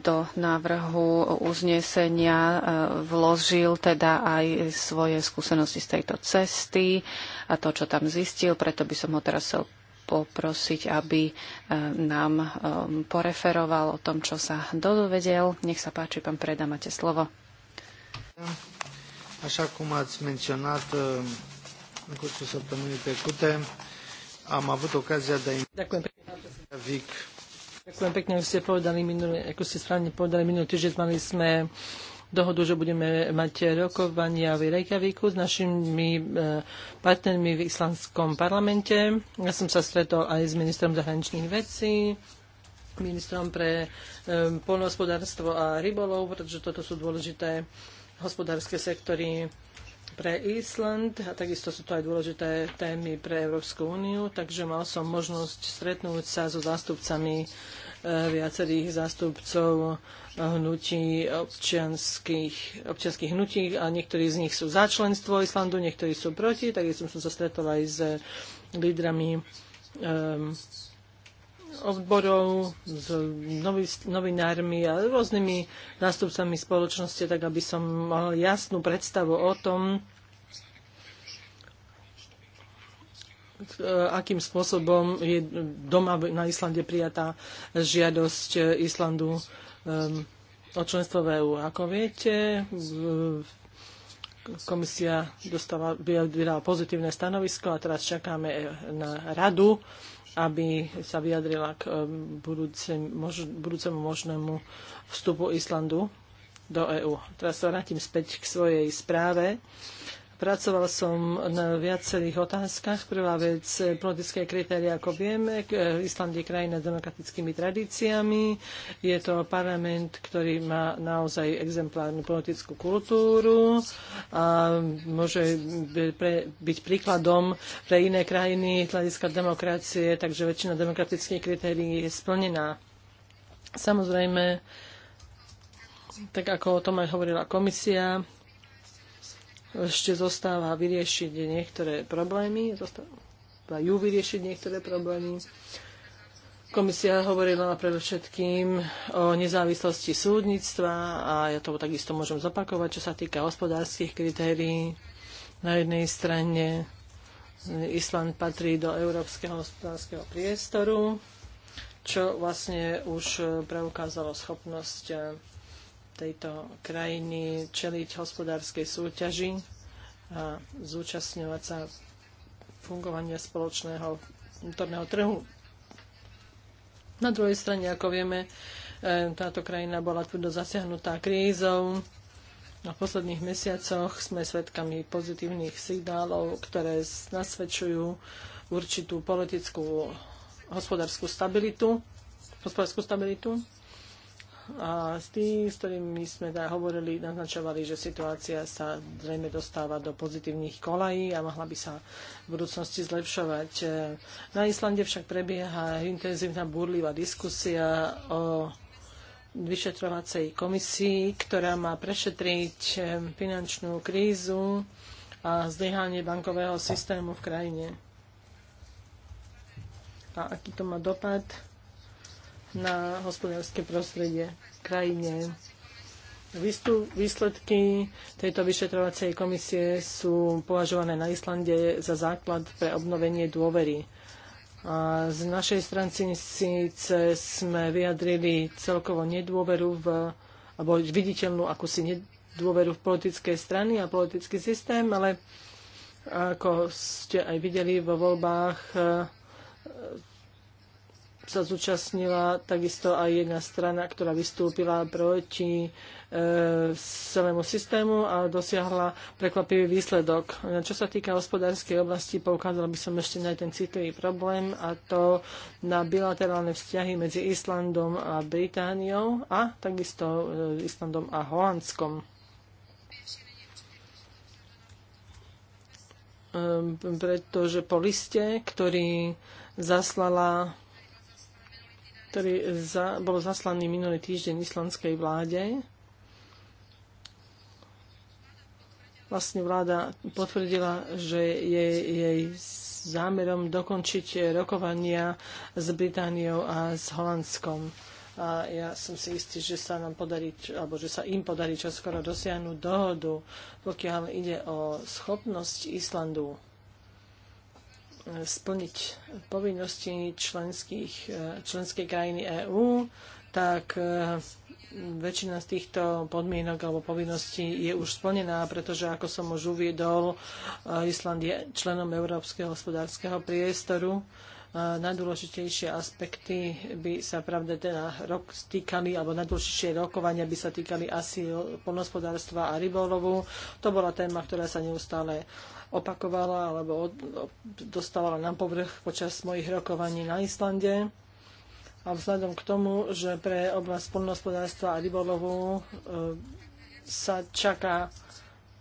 do návrhu uznesenia vložil teda aj svoje skúsenosti z tejto cesty a to, čo tam zistil, preto by som ho teraz chcel poprosiť, aby nám poreferoval o tom, čo sa dozvedel. Nech sa páči, pán Preda, máte slovo.
Așa cum ați menționat uh, în cursul săptămânii trecute, am avut ocazia de a Ďakujem. pekne, ako ste, povedali minulý, ako ste správne povedali, minulý týždeň mali sme dohodu, že budeme mať rokovania v Reykjavíku s našimi eh, partnermi v islandskom parlamente. Ja som sa stretol aj s ministrom zahraničných vecí, ministrom pre eh, polnohospodárstvo a rybolov, pretože toto sú dôležité hospodárske sektory pre Island a takisto sú to aj dôležité témy pre Európsku úniu, takže mal som možnosť stretnúť sa so zástupcami e, viacerých zástupcov hnutí občianských, občianských hnutí a niektorí z nich sú za členstvo Islandu, niektorí sú proti, takisto som sa stretol aj s lídrami um, odborov, s novinármi a rôznymi nástupcami spoločnosti, tak aby som mal jasnú predstavu o tom, akým spôsobom je doma na Islande prijatá žiadosť Islandu um, o členstvo v EU. Ako viete, komisia dostala, vydala pozitívne stanovisko a teraz čakáme na radu aby sa vyjadrila k eh, budúcemu, mož, budúcemu možnému vstupu Islandu do EÚ. Teraz sa vrátim späť k svojej správe. Pracoval som na viacerých otázkach. Prvá vec, politické kritéria, ako vieme, Island je krajina s demokratickými tradíciami. Je to parlament, ktorý má naozaj exemplárnu politickú kultúru a môže byť príkladom pre iné krajiny hľadiska demokracie, takže väčšina demokratických kritérií je splnená. Samozrejme, tak ako o tom aj hovorila komisia, ešte zostáva vyriešiť niektoré problémy, zostáva ju vyriešiť niektoré problémy. Komisia hovorila predovšetkým o nezávislosti súdnictva a ja to takisto môžem zopakovať, čo sa týka hospodárskych kritérií. Na jednej strane Island patrí do európskeho hospodárskeho priestoru, čo vlastne už preukázalo schopnosť tejto krajiny čeliť hospodárskej súťaži a zúčastňovať sa fungovania spoločného vnútorného trhu. Na druhej strane, ako vieme, e, táto krajina bola tvrdo zasiahnutá krízou. Na posledných mesiacoch sme svedkami pozitívnych signálov, ktoré nasvedčujú určitú politickú hospodárskú stabilitu, hospodárskú stabilitu a s tým, s ktorými sme teda hovorili, naznačovali, že situácia sa zrejme dostáva do pozitívnych kolají a mohla by sa v budúcnosti zlepšovať. E, na Islande však prebieha intenzívna burlivá diskusia o vyšetrovacej komisii, ktorá má prešetriť e, finančnú krízu a zlyhanie bankového systému v krajine. A aký to má dopad? na hospodárske prostredie v krajine. Výsledky tejto vyšetrovacej komisie sú považované na Islande za základ pre obnovenie dôvery. A z našej strany síce sme vyjadrili celkovo nedôveru v, alebo viditeľnú akúsi nedôveru v politické strany a politický systém, ale ako ste aj videli vo voľbách sa zúčastnila takisto aj jedna strana, ktorá vystúpila proti e, celému systému a dosiahla prekvapivý výsledok. No, čo sa týka hospodárskej oblasti, poukázala by som ešte na ten citlivý problém a to na bilaterálne vzťahy medzi Islandom a Britániou a takisto e, Islandom a Holandskom. E, pretože po liste, ktorý zaslala ktorý za, bol zaslaný minulý týždeň islandskej vláde. Vlastne vláda potvrdila, že je jej zámerom dokončiť rokovania s Britániou a s Holandskom a ja som si istý, že sa nám podarí, alebo že sa im podarí čoskoro dosiahnuť dohodu, pokiaľ ide o schopnosť Islandu splniť povinnosti členských, e, členskej krajiny EÚ, tak e, väčšina z týchto podmienok alebo povinností je už splnená, pretože ako som už uviedol, e, Island je členom Európskeho hospodárskeho priestoru. Najdôležitejšie aspekty by sa pravde teda rok týkali, alebo najdôležitejšie rokovania by sa týkali asi polnospodárstva a rybolovu. To bola téma, ktorá sa neustále uh, opakovala alebo od, dostávala na povrch počas mojich rokovaní na Islande. A vzhľadom k tomu, že pre oblasť poľnohospodárstva a rybolovu e, sa čaká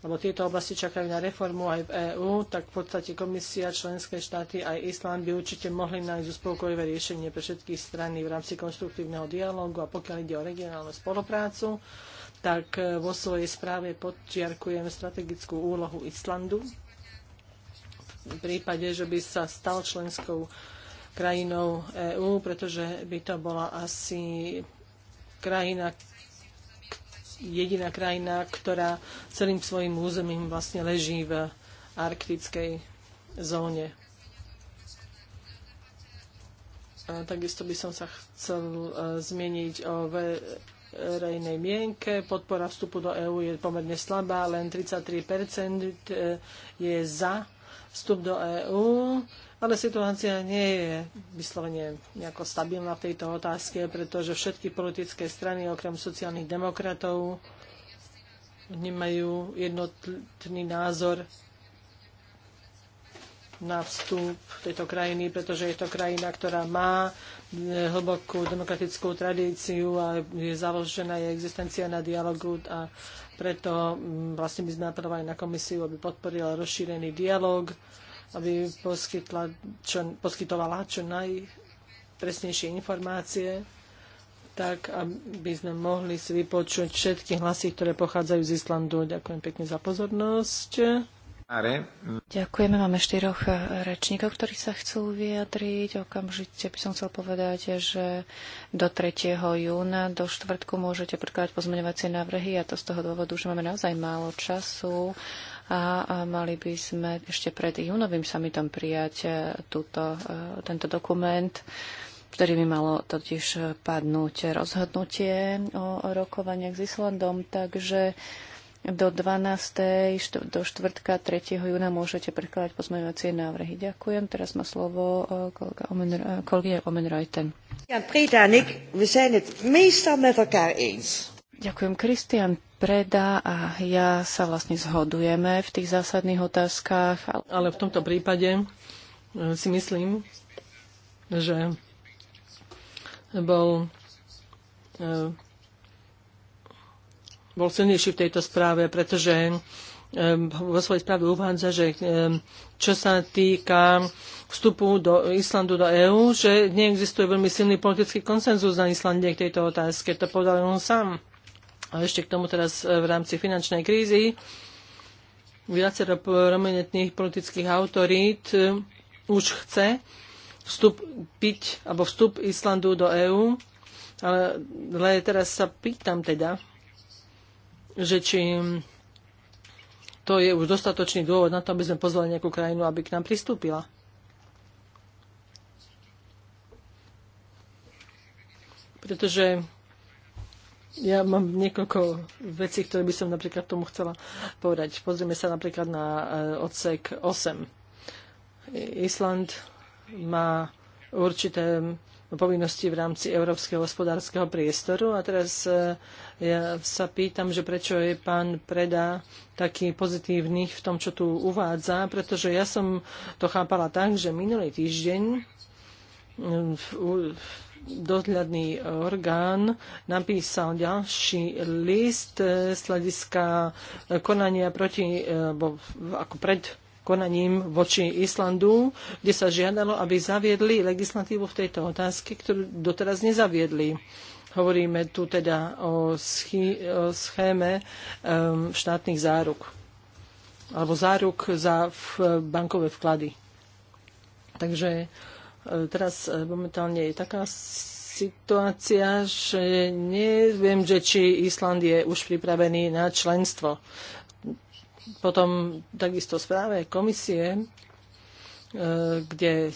lebo tieto oblasti čakajú na reformu aj v EÚ, tak v podstate komisia, členské štáty aj Island by určite mohli nájsť uspokojivé riešenie pre všetky strany v rámci konštruktívneho dialógu a pokiaľ ide o regionálnu spoluprácu, tak e, vo svojej správe podčiarkujem strategickú úlohu Islandu v prípade, že by sa stal členskou krajinou EÚ, pretože by to bola asi krajina, jediná krajina, ktorá celým svojim územím vlastne leží v arktickej zóne. A takisto by som sa chcel e, zmieniť o verejnej mienke. Podpora vstupu do EÚ je pomerne slabá, len 33 je za vstup do EÚ, ale situácia nie je vyslovene nejako stabilná v tejto otázke, pretože všetky politické strany, okrem sociálnych demokratov, nemajú jednotný názor na vstup tejto krajiny, pretože je to krajina, ktorá má eh, hlbokú demokratickú tradíciu a je založená jej existencia na dialogu a preto mm, vlastne by sme apelovali na komisiu, aby podporila rozšírený dialog, aby poskytla, čo, poskytovala čo najpresnejšie informácie, tak aby sme mohli si vypočuť všetky hlasy, ktoré pochádzajú z Islandu. Ďakujem pekne za pozornosť.
Ďakujeme. Máme štyroch eh, rečníkov, ktorí sa chcú vyjadriť. Okamžite by som chcel povedať, že do 3. júna, do štvrtku môžete predkladať pozmeňovacie návrhy a to z toho dôvodu, že máme naozaj málo času a, a mali by sme ešte pred júnovým samitom prijať eh, túto, eh, tento dokument ktorý by malo totiž padnúť rozhodnutie o rokovaniach s Islandom. Takže do 12. do štvrtka 3. júna môžete prekladať pozmeňovacie návrhy. Ďakujem. Teraz má slovo e, e, kolegyňa Omenrojten. Ďakujem, Kristian Preda a ja sa vlastne zhodujeme v tých zásadných otázkach. Ale v tomto prípade e, si myslím, že
bol bol silnejší v tejto správe, pretože vo svojej správe uvádza, že čo sa týka vstupu do Islandu do EÚ, že neexistuje veľmi silný politický konsenzus na Islande k tejto otázke. To povedal on sám. A ešte k tomu teraz e, v rámci finančnej krízy viacero prominentných politických autorít e, už chce vstup piť, alebo vstup Islandu do EÚ. Ale, ale teraz sa pýtam teda, že či to je už dostatočný dôvod na to, aby sme pozvali nejakú krajinu, aby k nám pristúpila. Pretože ja mám niekoľko vecí, ktoré by som napríklad tomu chcela povedať. Pozrieme sa napríklad na e, odsek 8. Island má určité povinnosti v rámci Európskeho hospodárskeho priestoru. A teraz e, ja sa pýtam, že prečo je pán Preda taký pozitívny v tom, čo tu uvádza, pretože ja som to chápala tak, že minulý týždeň e, dohľadný orgán napísal ďalší list e, z hľadiska konania proti, alebo ako pred konaním voči Islandu, kde sa žiadalo, aby zaviedli legislatívu v tejto otázke, ktorú doteraz nezaviedli. Hovoríme tu teda o, schy- o schéme um, štátnych záruk alebo záruk za bankové vklady. Takže e, teraz e, momentálne je taká situácia, že neviem, že či Island je už pripravený na členstvo. Potom takisto správe komisie, e, kde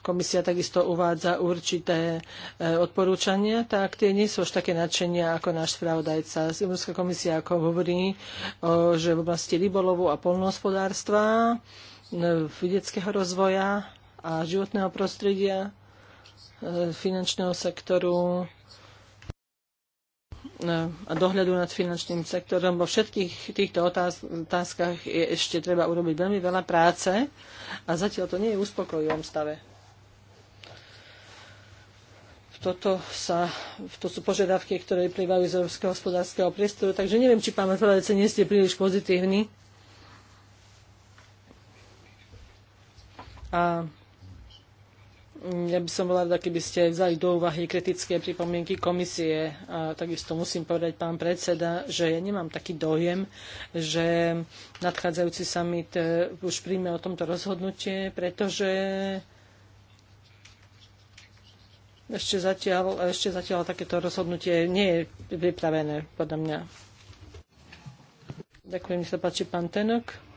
komisia takisto uvádza určité e, odporúčania, tak tie nie sú až také nadšenia ako náš spravodajca. Európska komisia ako hovorí, že v oblasti rybolovu a polnohospodárstva, e, vedeckého rozvoja a životného prostredia, finančného sektoru Eh, a dohľadu nad finančným sektorom. Vo všetkých týchto otázkach je ešte treba urobiť veľmi veľa práce a zatiaľ to nie je v uspokojivom stave. Toto, sa, to sú požiadavky, ktoré plývajú z európskeho hospodárskeho priestoru, takže neviem, či pán Matvalece nie ste príliš pozitívni. A ja by som bola rada, keby ste vzali do úvahy kritické pripomienky komisie. A takisto musím povedať, pán predseda, že ja nemám taký dojem, že nadchádzajúci summit e, už príjme o tomto rozhodnutie, pretože ešte zatiaľ, ešte zatiaľ takéto rozhodnutie nie je pripravené, podľa mňa. Ďakujem, nech sa páči, pán Tenok.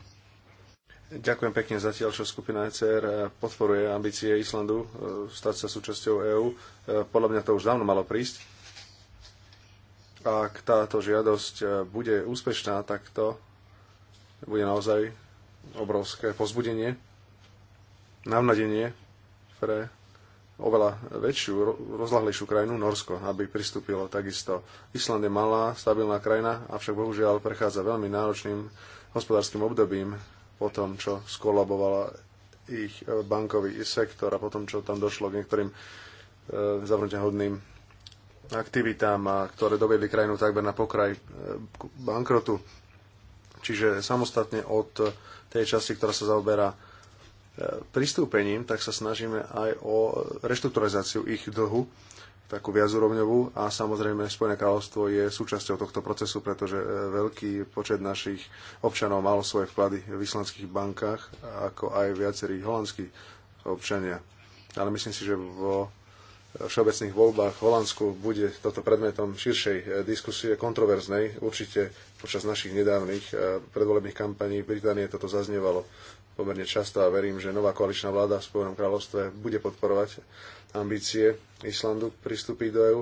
Ďakujem pekne zatiaľ, čo skupina ECR podporuje ambície Islandu e, stať sa súčasťou EÚ. E, podľa mňa to už dávno malo prísť. Ak táto žiadosť e, bude úspešná, tak to bude naozaj obrovské pozbudenie, navnadenie pre oveľa väčšiu, rozlahlejšiu krajinu, Norsko, aby pristúpilo takisto. Island je malá, stabilná krajina, avšak bohužiaľ prechádza veľmi náročným hospodárskym obdobím po tom, čo skolabovala ich e, bankový sektor a potom, čo tam došlo k niektorým e, zavrnutia hodným aktivitám, ktoré dovedli krajinu takmer na pokraj e, bankrotu. Čiže samostatne od tej časti, ktorá sa zaoberá pristúpením, tak sa snažíme aj o reštrukturalizáciu ich dlhu takú viacúrovňovú a samozrejme Spojené kráľovstvo je súčasťou tohto procesu, pretože e, veľký počet našich občanov mal svoje vklady v islandských bankách, ako aj viacerí holandskí občania. Ale myslím si, že vo e, všeobecných voľbách v Holandsku bude toto predmetom širšej e, diskusie, kontroverznej. Určite počas našich nedávnych predvolebných kampaní v Británie toto zaznievalo pomerne často a verím, že nová koaličná vláda v Spojenom kráľovstve bude podporovať ambície Islandu pristúpiť do EÚ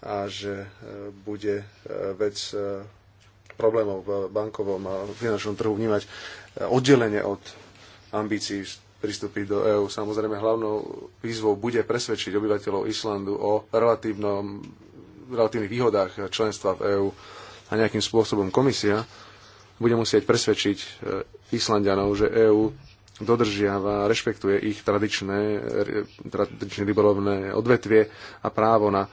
a že e, bude e, vec e, problémov v bankovom a finančnom trhu vnímať oddelenie od ambícií pristúpiť do EÚ. Samozrejme, hlavnou výzvou bude presvedčiť obyvateľov Islandu o relatívnom, relatívnych výhodách členstva v EÚ a nejakým spôsobom komisia bude musieť presvedčiť Islandianov, že EÚ dodržiava a rešpektuje ich tradičné, tradičné rybolovné odvetvie a právo na e,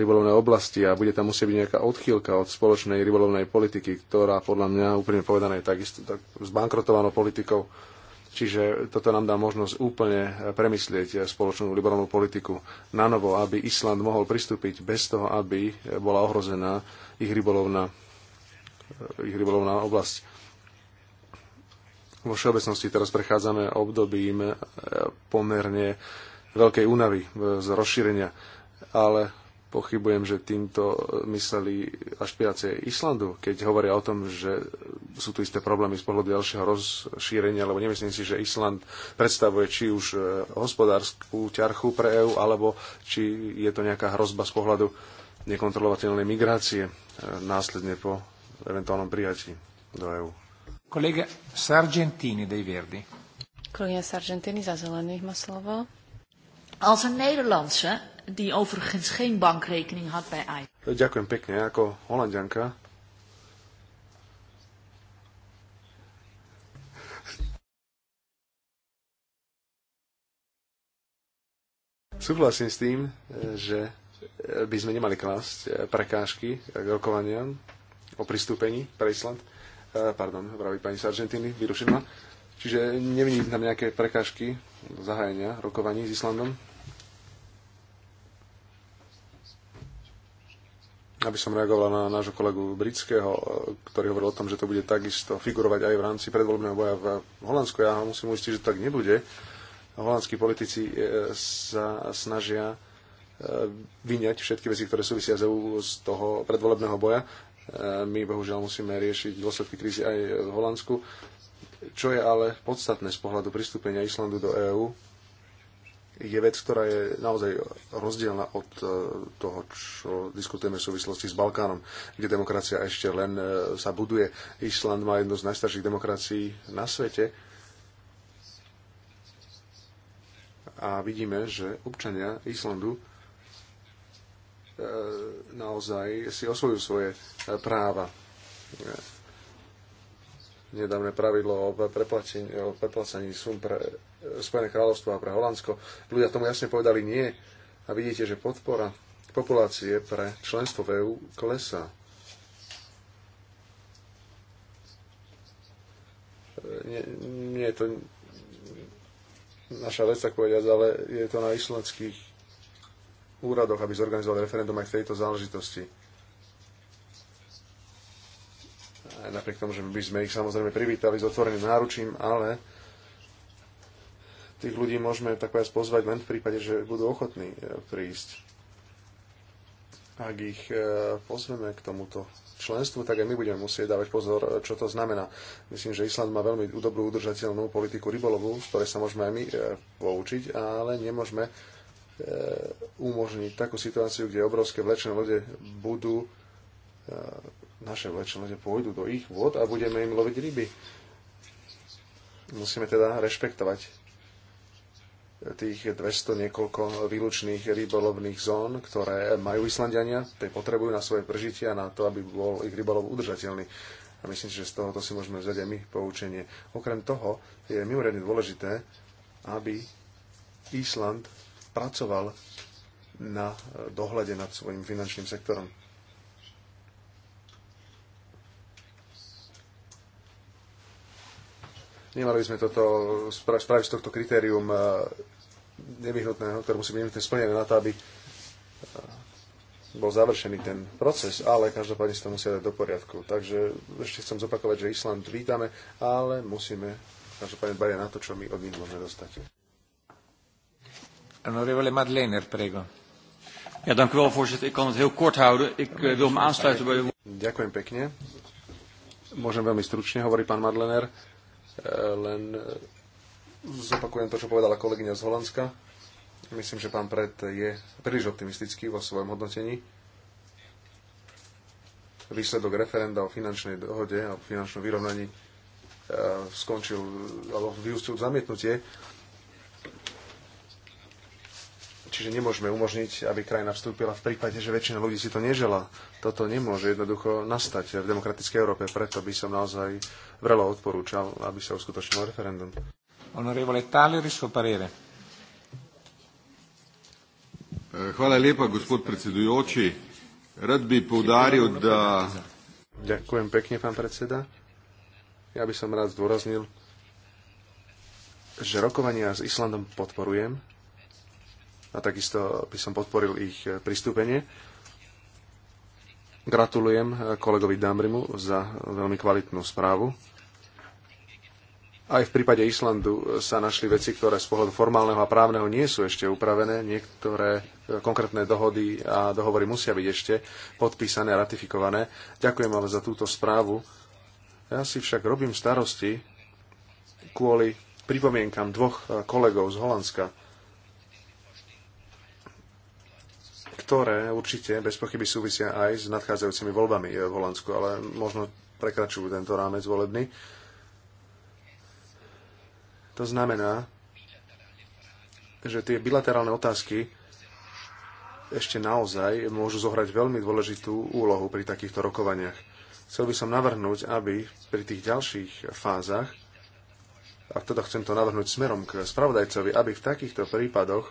rybolovné oblasti a bude tam musieť byť nejaká odchýlka od spoločnej rybolovnej politiky, ktorá podľa mňa úplne povedané je takisto tak zbankrotovanou politikou. Čiže toto nám dá možnosť úplne premyslieť spoločnú liberálnu politiku na novo, aby Island mohol pristúpiť bez toho, aby bola ohrozená ich rybolovná, e, ich rybolovná oblasť. Vo všeobecnosti teraz prechádzame obdobím e, pomerne veľkej únavy e, z rozšírenia, ale pochybujem, že týmto mysleli až viacej Islandu, keď hovoria o tom, že sú tu isté problémy z pohľadu ďalšieho rozšírenia, lebo nemyslím si, že Island predstavuje či už e, hospodárskú ťarchu pre EÚ, alebo či je to nejaká hrozba z pohľadu nekontrolovateľnej migrácie následne po eventuálnom prijatí do EÚ.
Kolega Sargentini
dej Verdi.
Kolega Sargentini za zelených má slovo. Als een Nederlandse, die overigens geen bankrekening had bij IBAN.
Ďakujem pekne, ako holandianka. Súhlasím s tým, že by sme nemali klásť prekážky k rokovaniam o pristúpení pre Island. E, pardon, vraví pani z Argentíny, vyrušená. Čiže nevidím tam nejaké prekážky zahájenia rokovaní s Islandom. Aby som reagoval na nášho kolegu britského, e, ktorý hovoril o tom, že to bude takisto figurovať aj v rámci predvoľbného boja v Holandsku. Ja musím uistiť, že tak nebude. Holandskí politici e, sa snažia vyňať všetky veci, ktoré súvisia z EU z toho predvolebného boja. Eh, my bohužiaľ musíme riešiť dôsledky krízy aj v Holandsku. Čo je ale podstatné z pohľadu pristúpenia Islandu do EÚ, je vec, ktorá je naozaj rozdielna od eh, toho, čo diskutujeme v súvislosti s Balkánom, kde demokracia ešte len eh, sa buduje. Island má jednu z najstarších demokracií na svete a vidíme, že občania Islandu E, naozaj si osvojujú svoje e, práva. Nedávne pravidlo o, o sum pre e, Spojené kráľovstvo a pre Holandsko. Ľudia tomu jasne povedali nie. A vidíte, že podpora populácie pre členstvo v EU klesá. Nie, nie je to naša vec, tak povedať, ale je to na islandských úradoch, aby zorganizoval referendum aj v tejto záležitosti. Aj napriek tomu, že by sme ich samozrejme privítali s otvoreným náručím, ale tých ľudí môžeme tak povedať pozvať len v prípade, že budú ochotní e, prísť. Ak ich e, pozveme k tomuto členstvu, tak aj my budeme musieť dávať pozor, e, čo to znamená. Myslím, že Island má veľmi dobrú udržateľnú politiku rybolovu, z ktorej sa môžeme aj my poučiť, ale nemôžeme E, umožniť takú situáciu, kde obrovské vlečné lode budú, e, naše vlečné lode pôjdu do ich vod a budeme im loviť ryby. Musíme teda rešpektovať tých 200 niekoľko výlučných rybolovných zón, ktoré majú Islandiania, tie potrebujú na svoje prežitie a na to, aby bol ich rybolov udržateľný. A myslím si, že z tohoto si môžeme vziať aj my poučenie. Okrem toho je mimoriadne dôležité, aby Island pracoval na dohľade nad svojim finančným sektorom. Nemali by sme toto spraviť z tohto kritérium eh, nevyhnutného, ktoré musí byť nevyhnutné splnené na to, aby eh, bol završený ten proces, ale každopádne sa to musia dať do poriadku. Takže ešte chcem zopakovať, že Island vítame, ale musíme každopádne dbať na to, čo my od nich môžeme dostať.
Er voorzitter. Ik kan het heel kort houden. Ik eh, wil me aansluiten bij...
Ďakujem pekne. Môžem veľmi stručne, hovorí pán Madlener. Eh, len eh, zopakujem to, čo povedala kolegyňa z Holandska. Myslím, že pán Pred je príliš optimistický vo svojom hodnotení. Výsledok referenda o finančnej dohode a o finančnom vyrovnaní skončil alebo vyústil zamietnutie Čiže nemôžeme umožniť, aby krajina vstúpila v prípade, že väčšina ľudí si to nežela. Toto nemôže jednoducho nastať v demokratickej Európe, preto by som naozaj vrelo odporúčal, aby sa uskutočnilo referendum.
Honorevole Taleri, suo parere.
Eh, hvala lepa, gospod predsedujoči. Rad bi poudaril, da...
Ďakujem pekne, pán predseda. Ja by som rád zdôraznil, že rokovania s Islandom podporujem, a takisto by som podporil ich eh, pristúpenie. Gratulujem eh, kolegovi Damrimu za veľmi kvalitnú správu. Aj v prípade Islandu eh, sa našli veci, ktoré z pohľadu formálneho a právneho nie sú ešte upravené. Niektoré konkrétne dohody a dohovory musia byť ešte podpísané a ratifikované. Ďakujem ale za túto správu. Ja si však robím starosti kvôli pripomienkam dvoch kolegov z Holandska ktoré určite bez pochyby súvisia aj s nadchádzajúcimi voľbami eh, v Holandsku, ale možno prekračujú tento rámec volebný. To znamená, že tie bilaterálne otázky ešte naozaj môžu zohrať veľmi dôležitú úlohu pri takýchto rokovaniach. Chcel by som navrhnúť, aby pri tých ďalších fázach, a teda chcem to navrhnúť smerom k spravodajcovi, aby v takýchto prípadoch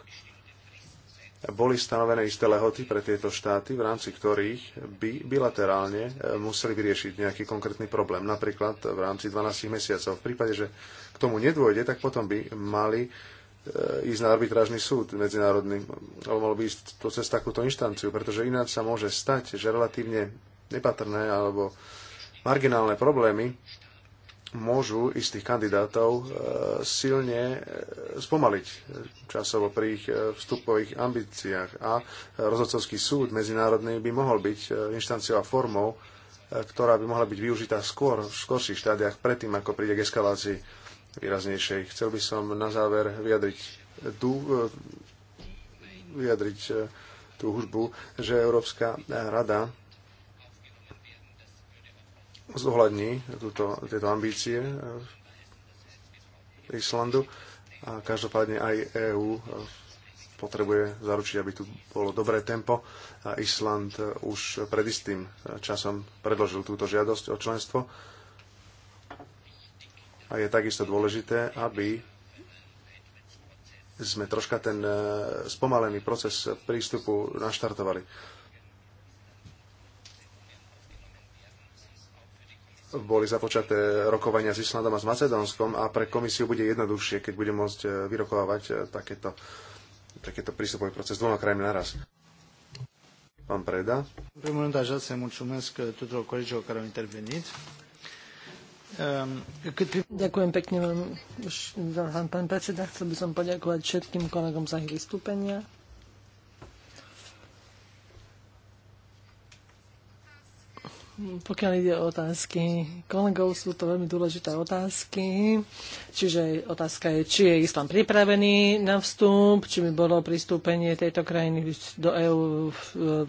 boli stanovené isté lehoty pre tieto štáty, v rámci ktorých by bilaterálne e, museli vyriešiť nejaký konkrétny problém. Napríklad v rámci 12 mesiacov. V prípade, že k tomu nedôjde, tak potom by mali e, ísť na arbitrážny súd medzinárodný, alebo malo by ísť to cez takúto inštanciu, pretože ináč sa môže stať, že relatívne nepatrné alebo marginálne problémy môžu istých kandidátov e, silne e, spomaliť časovo pri ich e, vstupových ambíciách a rozhodcovský súd medzinárodný by mohol byť inštanciou a formou, ktorá by mohla byť využitá skôr, v skorších štádiách, predtým ako príde k eskalácii výraznejšej. Chcel by som na záver vyjadriť, tú, vyjadriť tú hudbu, že Európska rada zohľadní túto, tieto ambície Islandu a každopádne aj EÚ potrebuje zaručiť, aby tu bolo dobré tempo. A Island už pred istým časom predložil túto žiadosť o členstvo. A je takisto dôležité, aby sme troška ten spomalený proces prístupu naštartovali boli započaté rokovania s Islandom a s Macedónskom a pre komisiu bude jednoduchšie, keď bude môcť e, vyrokovávať e, takéto, takéto prístupový proces dvoma krajmi naraz. Pán Preda. E, ehm,
Ďakujem pekne vám, pán predseda. Chcel by som poďakovať všetkým kolegom za ich vystúpenia. Pokiaľ ide o otázky kolegov, sú to veľmi dôležité otázky. Čiže otázka je, či je Islám pripravený na vstup, či by bolo pristúpenie tejto krajiny do EÚ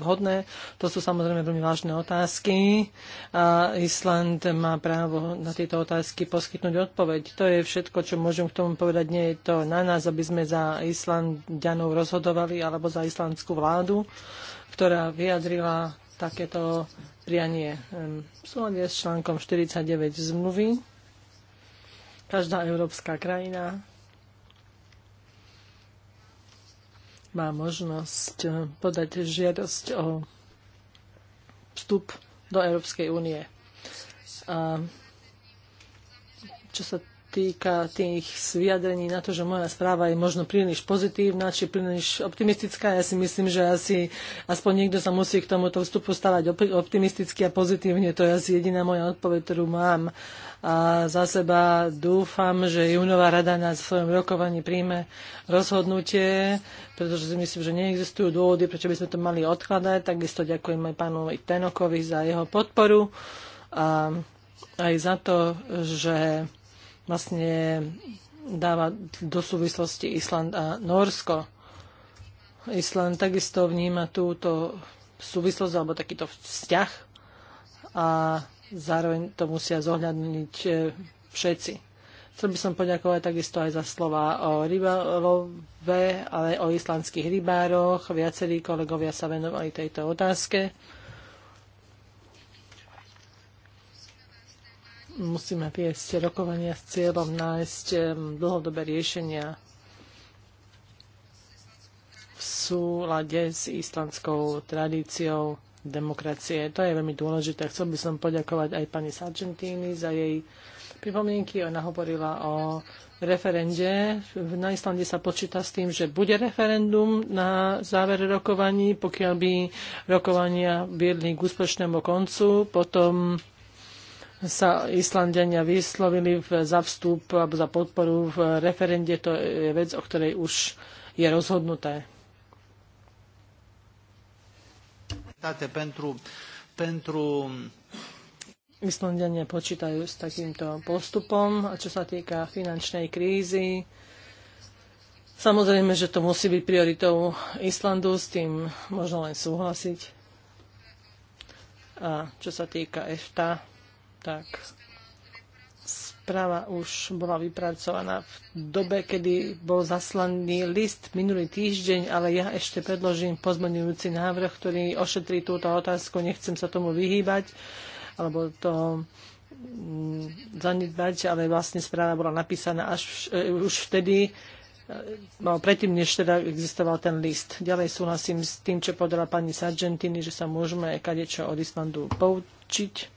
vhodné. To sú samozrejme veľmi vážne otázky a Island má právo na tieto otázky poskytnúť odpoveď. To je všetko, čo môžem k tomu povedať. Nie je to na nás, aby sme za Islandianov rozhodovali alebo za islandskú vládu, ktorá vyjadrila takéto prianie v súhode s článkom 49 zmluvy. Každá európska krajina má možnosť podať žiadosť o vstup do Európskej únie. A čo sa týka tých vyjadrení na to, že moja správa je možno príliš pozitívna či príliš optimistická. Ja si myslím, že asi aspoň niekto sa musí k tomuto vstupu stavať optimisticky a pozitívne. To je asi jediná moja odpoveď, ktorú mám. A za seba dúfam, že Junová rada na svojom rokovaní príjme rozhodnutie, pretože si myslím, že neexistujú dôvody, prečo by sme to mali odkladať. Takisto ďakujem aj pánu Tenokovi za jeho podporu a aj za to, že vlastne dáva do súvislosti Island a Norsko. Island takisto vníma túto súvislosť alebo takýto vzťah a zároveň to musia zohľadniť e, všetci. Chcel by som poďakovať takisto aj za slova o rybalove, ale o islandských rybároch. Viacerí kolegovia sa venovali tejto otázke. musíme viesť rokovania s cieľom nájsť dlhodobé riešenia v súlade s islandskou tradíciou demokracie. To je veľmi dôležité. Chcel by som poďakovať aj pani Sargentini za jej pripomienky. Ona hovorila o referende. Na Islande sa počíta s tým, že bude referendum na záver rokovaní. Pokiaľ by rokovania viedli k úspešnému koncu, potom sa Islandiania vyslovili za vstup alebo za podporu v referende. To je vec, o ktorej už je rozhodnuté. Islandiania počítajú s takýmto postupom a čo sa týka finančnej krízy, Samozrejme, že to musí byť prioritou Islandu, s tým možno len súhlasiť. A čo sa týka EFTA, tak správa už bola vypracovaná v dobe, kedy bol zaslaný list minulý týždeň, ale ja ešte predložím pozmenujúci návrh, ktorý ošetrí túto otázku. Nechcem sa tomu vyhýbať, alebo to mm, zanedbať, ale vlastne správa bola napísaná až e, už vtedy, e, no, predtým, než teda existoval ten list. Ďalej súhlasím s tým, čo povedala pani Sargentini, že sa môžeme kadečo od Islandu poučiť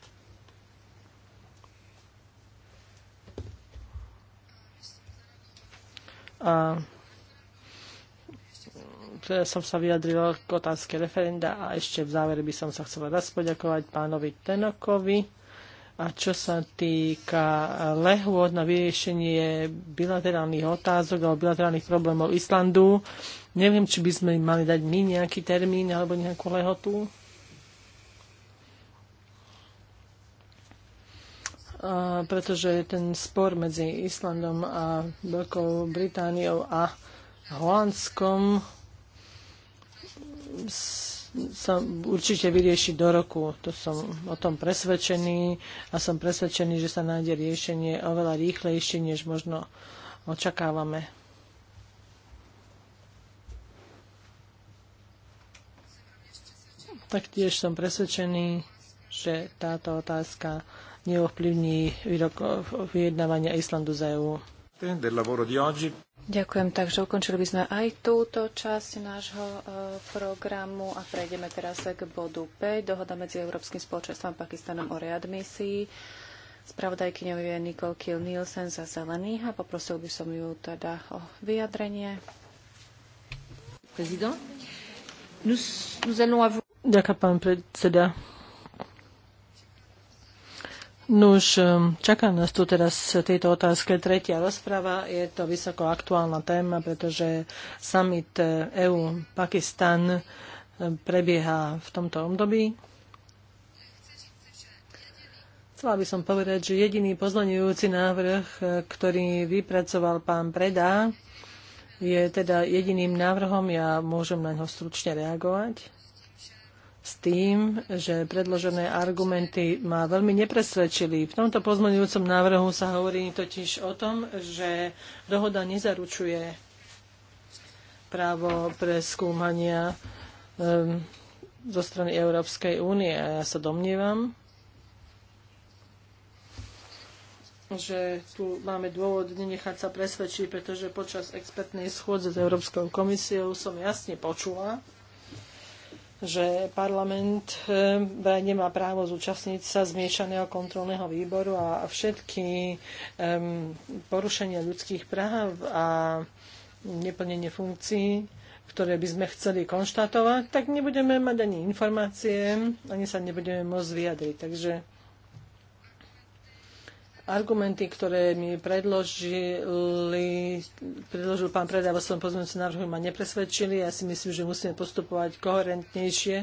A teraz som sa vyjadril k otázke referenda a ešte v závere by som sa chcel raz poďakovať pánovi Tenokovi. A čo sa týka lehôd na vyriešenie bilaterálnych otázok alebo bilaterálnych problémov Islandu, neviem, či by sme mali dať my nejaký termín alebo nejakú lehotu. pretože ten spor medzi Islandom a Veľkou Britániou a Holandskom sa určite vyrieši do roku. To som o tom presvedčený a som presvedčený, že sa nájde riešenie oveľa rýchlejšie, než možno očakávame. Taktiež som presvedčený, že
táto otázka neovplyvní vyjednávania Islandu za EU. Ďakujem, takže ukončili by sme aj túto časť nášho e, programu a prejdeme teraz k bodu 5, dohoda medzi Európskym spoločenstvom a Pakistanom o readmisii. Spravodajkyňou je Nicole Kiel Nielsen za zelených a poprosil by som ju teda o vyjadrenie. Prezident.
Nous, nous allons avoir... Ďakujem, pán predseda. Nuž, ehm, čaká nás tu teraz tejto otázke tretia rozprava. Je to vysoko aktuálna téma, pretože summit EU-Pakistan eh, e ehm, prebieha v tomto období. Chcela by som povedať, že jediný pozvoňujúci návrh, eh, ktorý vypracoval pán Preda, je teda jediným návrhom. Ja môžem na ňo stručne reagovať s tým, že predložené argumenty ma veľmi nepresvedčili. V tomto pozmeňujúcom návrhu sa hovorí totiž o tom, že dohoda nezaručuje právo preskúmania um, zo strany Európskej únie. A ja sa domnievam, že tu máme dôvod nenechať sa presvedčiť, pretože počas expertnej schôdze s Európskou komisiou som jasne počula, že parlament vraj eh, eh, nemá právo zúčastniť sa zmiešaného kontrolného výboru a všetky porušenia ľudských práv a neplnenie funkcií, ktoré by sme chceli konštatovať, tak nebudeme mať ani informácie, ani sa nebudeme môcť vyjadriť. Takže Argumenty, ktoré mi predložili, predložil pán Preda vo svojom pozmeňujúcom návrhu, ma nepresvedčili. Ja si myslím, že musíme postupovať koherentnejšie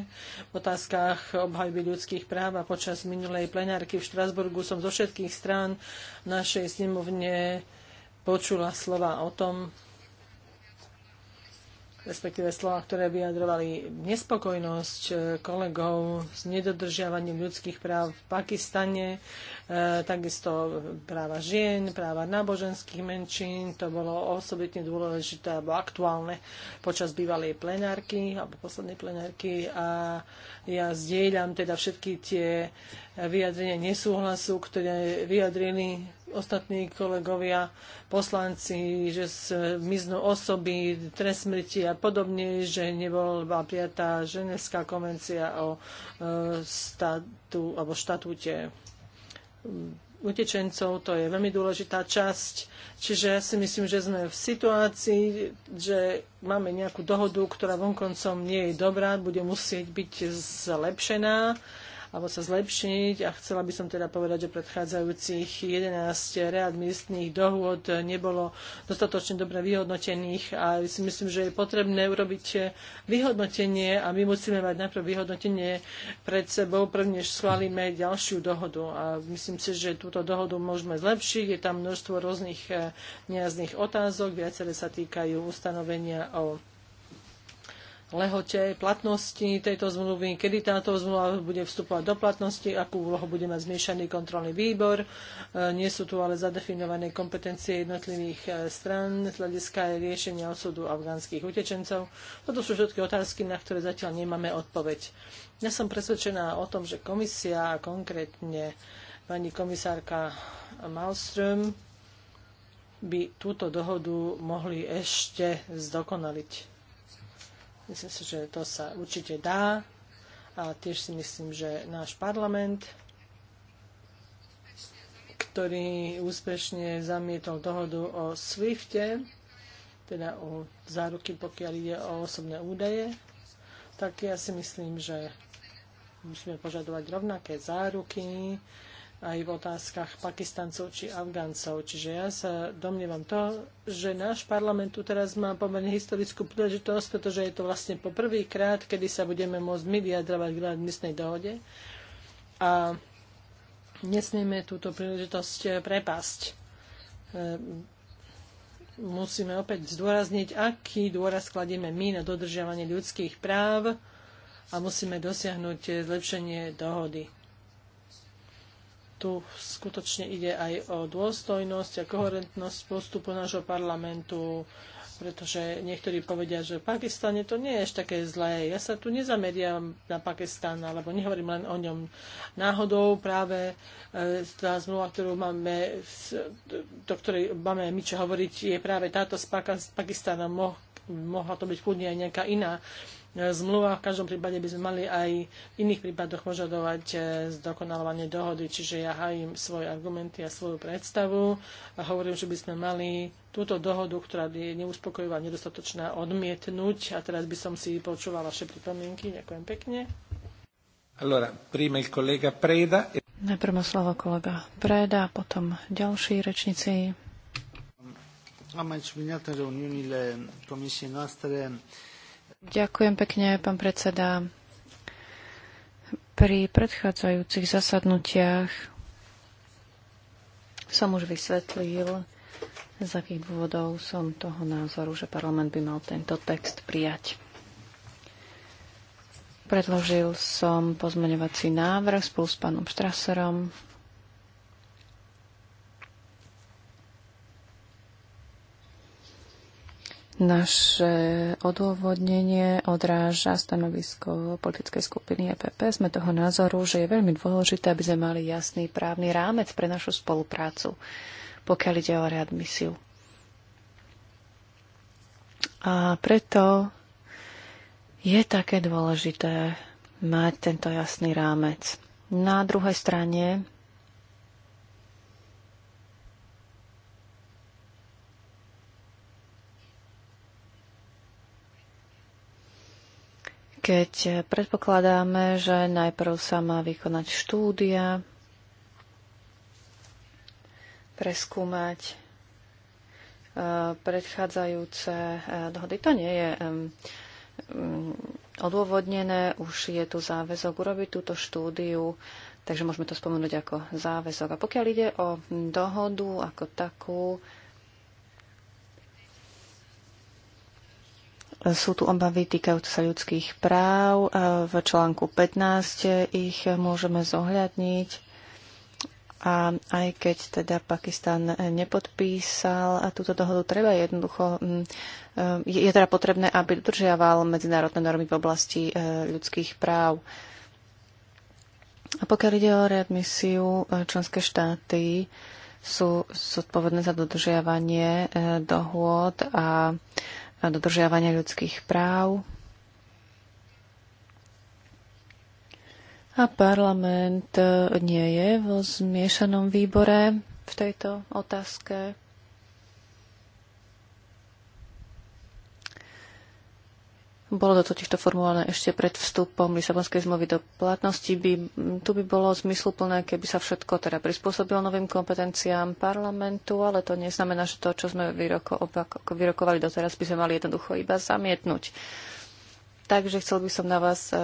v otázkach obhajby ľudských práv a počas minulej plenárky v Štrasburgu som zo všetkých strán našej snemovne počula slova o tom, respektíve slova, ktoré vyjadrovali nespokojnosť e, kolegov s nedodržiavaním ľudských práv v Pakistane, e, takisto práva žien, práva náboženských menšín. To bolo osobitne dôležité alebo aktuálne počas bývalej plenárky alebo poslednej plenárky a ja zdieľam teda všetky tie vyjadrenia nesúhlasu, ktoré vyjadrili ostatní kolegovia, poslanci, že zmiznú osoby, trest smrti a podobne, že nebola prijatá Ženevská konvencia o e, statu, alebo štatúte utečencov, to je veľmi dôležitá časť. Čiže ja si myslím, že sme v situácii, že máme nejakú dohodu, ktorá vonkoncom nie je dobrá, bude musieť byť zlepšená alebo sa zlepšiť. A chcela by som teda povedať, že predchádzajúcich 11 readmisných dohôd nebolo dostatočne dobre vyhodnotených a si myslím, že je potrebné urobiť vyhodnotenie a my musíme mať najprv vyhodnotenie pred sebou, prvnež schválime ďalšiu dohodu. A myslím si, že túto dohodu môžeme zlepšiť. Je tam množstvo rôznych eh, nejazných otázok, viaceré sa týkajú ustanovenia o lehote platnosti tejto zmluvy, kedy táto zmluva bude vstupovať do platnosti, akú úlohu bude mať zmiešaný kontrolný výbor. E, nie sú tu ale zadefinované kompetencie jednotlivých e, stran z hľadiska riešenia osudu afgánskych utečencov. Toto sú všetky otázky, na ktoré zatiaľ nemáme odpoveď. Ja som presvedčená o tom, že komisia a konkrétne pani komisárka Malström by túto dohodu mohli ešte zdokonaliť Myslím si, že to sa určite dá a tiež si myslím, že náš parlament, ktorý úspešne zamietol dohodu o SWIFTE, teda o záruky, pokiaľ ide o osobné údaje, tak ja si myslím, že musíme požadovať rovnaké záruky, aj v otázkach Pakistancov či Afgáncov. Čiže ja sa domnievam to, že náš parlament tu teraz má pomerne historickú príležitosť, pretože je to vlastne poprvýkrát, kedy sa budeme môcť my vyjadrovať k readmisnej dohode. A nesmieme túto príležitosť eh, prepasť. Eh, musíme opäť zdôrazniť, aký dôraz kladieme my na dodržiavanie ľudských práv a musíme dosiahnuť eh, zlepšenie dohody tu skutočne ide aj o dôstojnosť a koherentnosť postupu nášho parlamentu, pretože niektorí povedia, že v Pakistane to nie je ešte také zlé. Ja sa tu nezameriam na Pakistan, alebo nehovorím len o ňom. Náhodou práve e, tá zmluva, ktorú máme, do ktorej máme my čo hovoriť, je práve táto s Pakistanom. Mohla to byť kľudne aj nejaká iná Zmluva V každom prípade by sme mali aj v iných prípadoch požadovať eh, zdokonalovanie dohody. Čiže ja hajím svoje argumenty a svoju predstavu a hovorím, že by sme mali túto dohodu, ktorá je neuspokojivá, nedostatočná, odmietnúť. A teraz by som si
počúvala vaše pripomienky. Ďakujem pekne.
Allora, prima il collega Preda. E-
Najprv má slovo kolega Preda, potom ďalší rečníci.
Am mai subliniat in reuniunile comisiei noastre
Ďakujem pekne, pán predseda. Pri predchádzajúcich zasadnutiach som už vysvetlil, z akých dôvodov som toho názoru, že parlament by mal tento text prijať. Predložil som pozmeňovací návrh spolu s pánom Štraserom, Naše odôvodnenie odráža stanovisko politickej skupiny EPP. Sme toho názoru, že je veľmi dôležité, aby sme mali jasný právny rámec pre našu spoluprácu, pokiaľ ide o readmisiu. A preto je také dôležité mať tento jasný rámec. Na druhej strane keď predpokladáme, že najprv sa má vykonať štúdia, preskúmať e, predchádzajúce e, dohody. To nie je odôvodnené, už je tu záväzok urobiť túto štúdiu, takže môžeme to spomenúť ako záväzok. A pokiaľ ide o dohodu ako takú, Sú tu obavy týkajúce sa ľudských práv. E, v článku 15 ich môžeme zohľadniť. A aj keď teda Pakistan nepodpísal túto dohodu, treba jednoducho, mm, e, je teda potrebné, aby dodržiaval medzinárodné normy v oblasti e, ľudských práv. A pokiaľ ide o readmisiu, členské štáty sú zodpovedné za dodržiavanie dohôd a a dodržiavania ľudských práv. A parlament nie je vo zmiešanom výbore v tejto otázke. Bolo to totižto formulované ešte pred vstupom Lisabonskej zmluvy do platnosti. By, tu by bolo zmysluplné, keby sa všetko teda prispôsobilo novým kompetenciám parlamentu, ale to neznamená, že to, čo sme vyroko, opak, vyrokovali doteraz, by sme mali jednoducho iba zamietnúť. Takže chcel by som na vás e,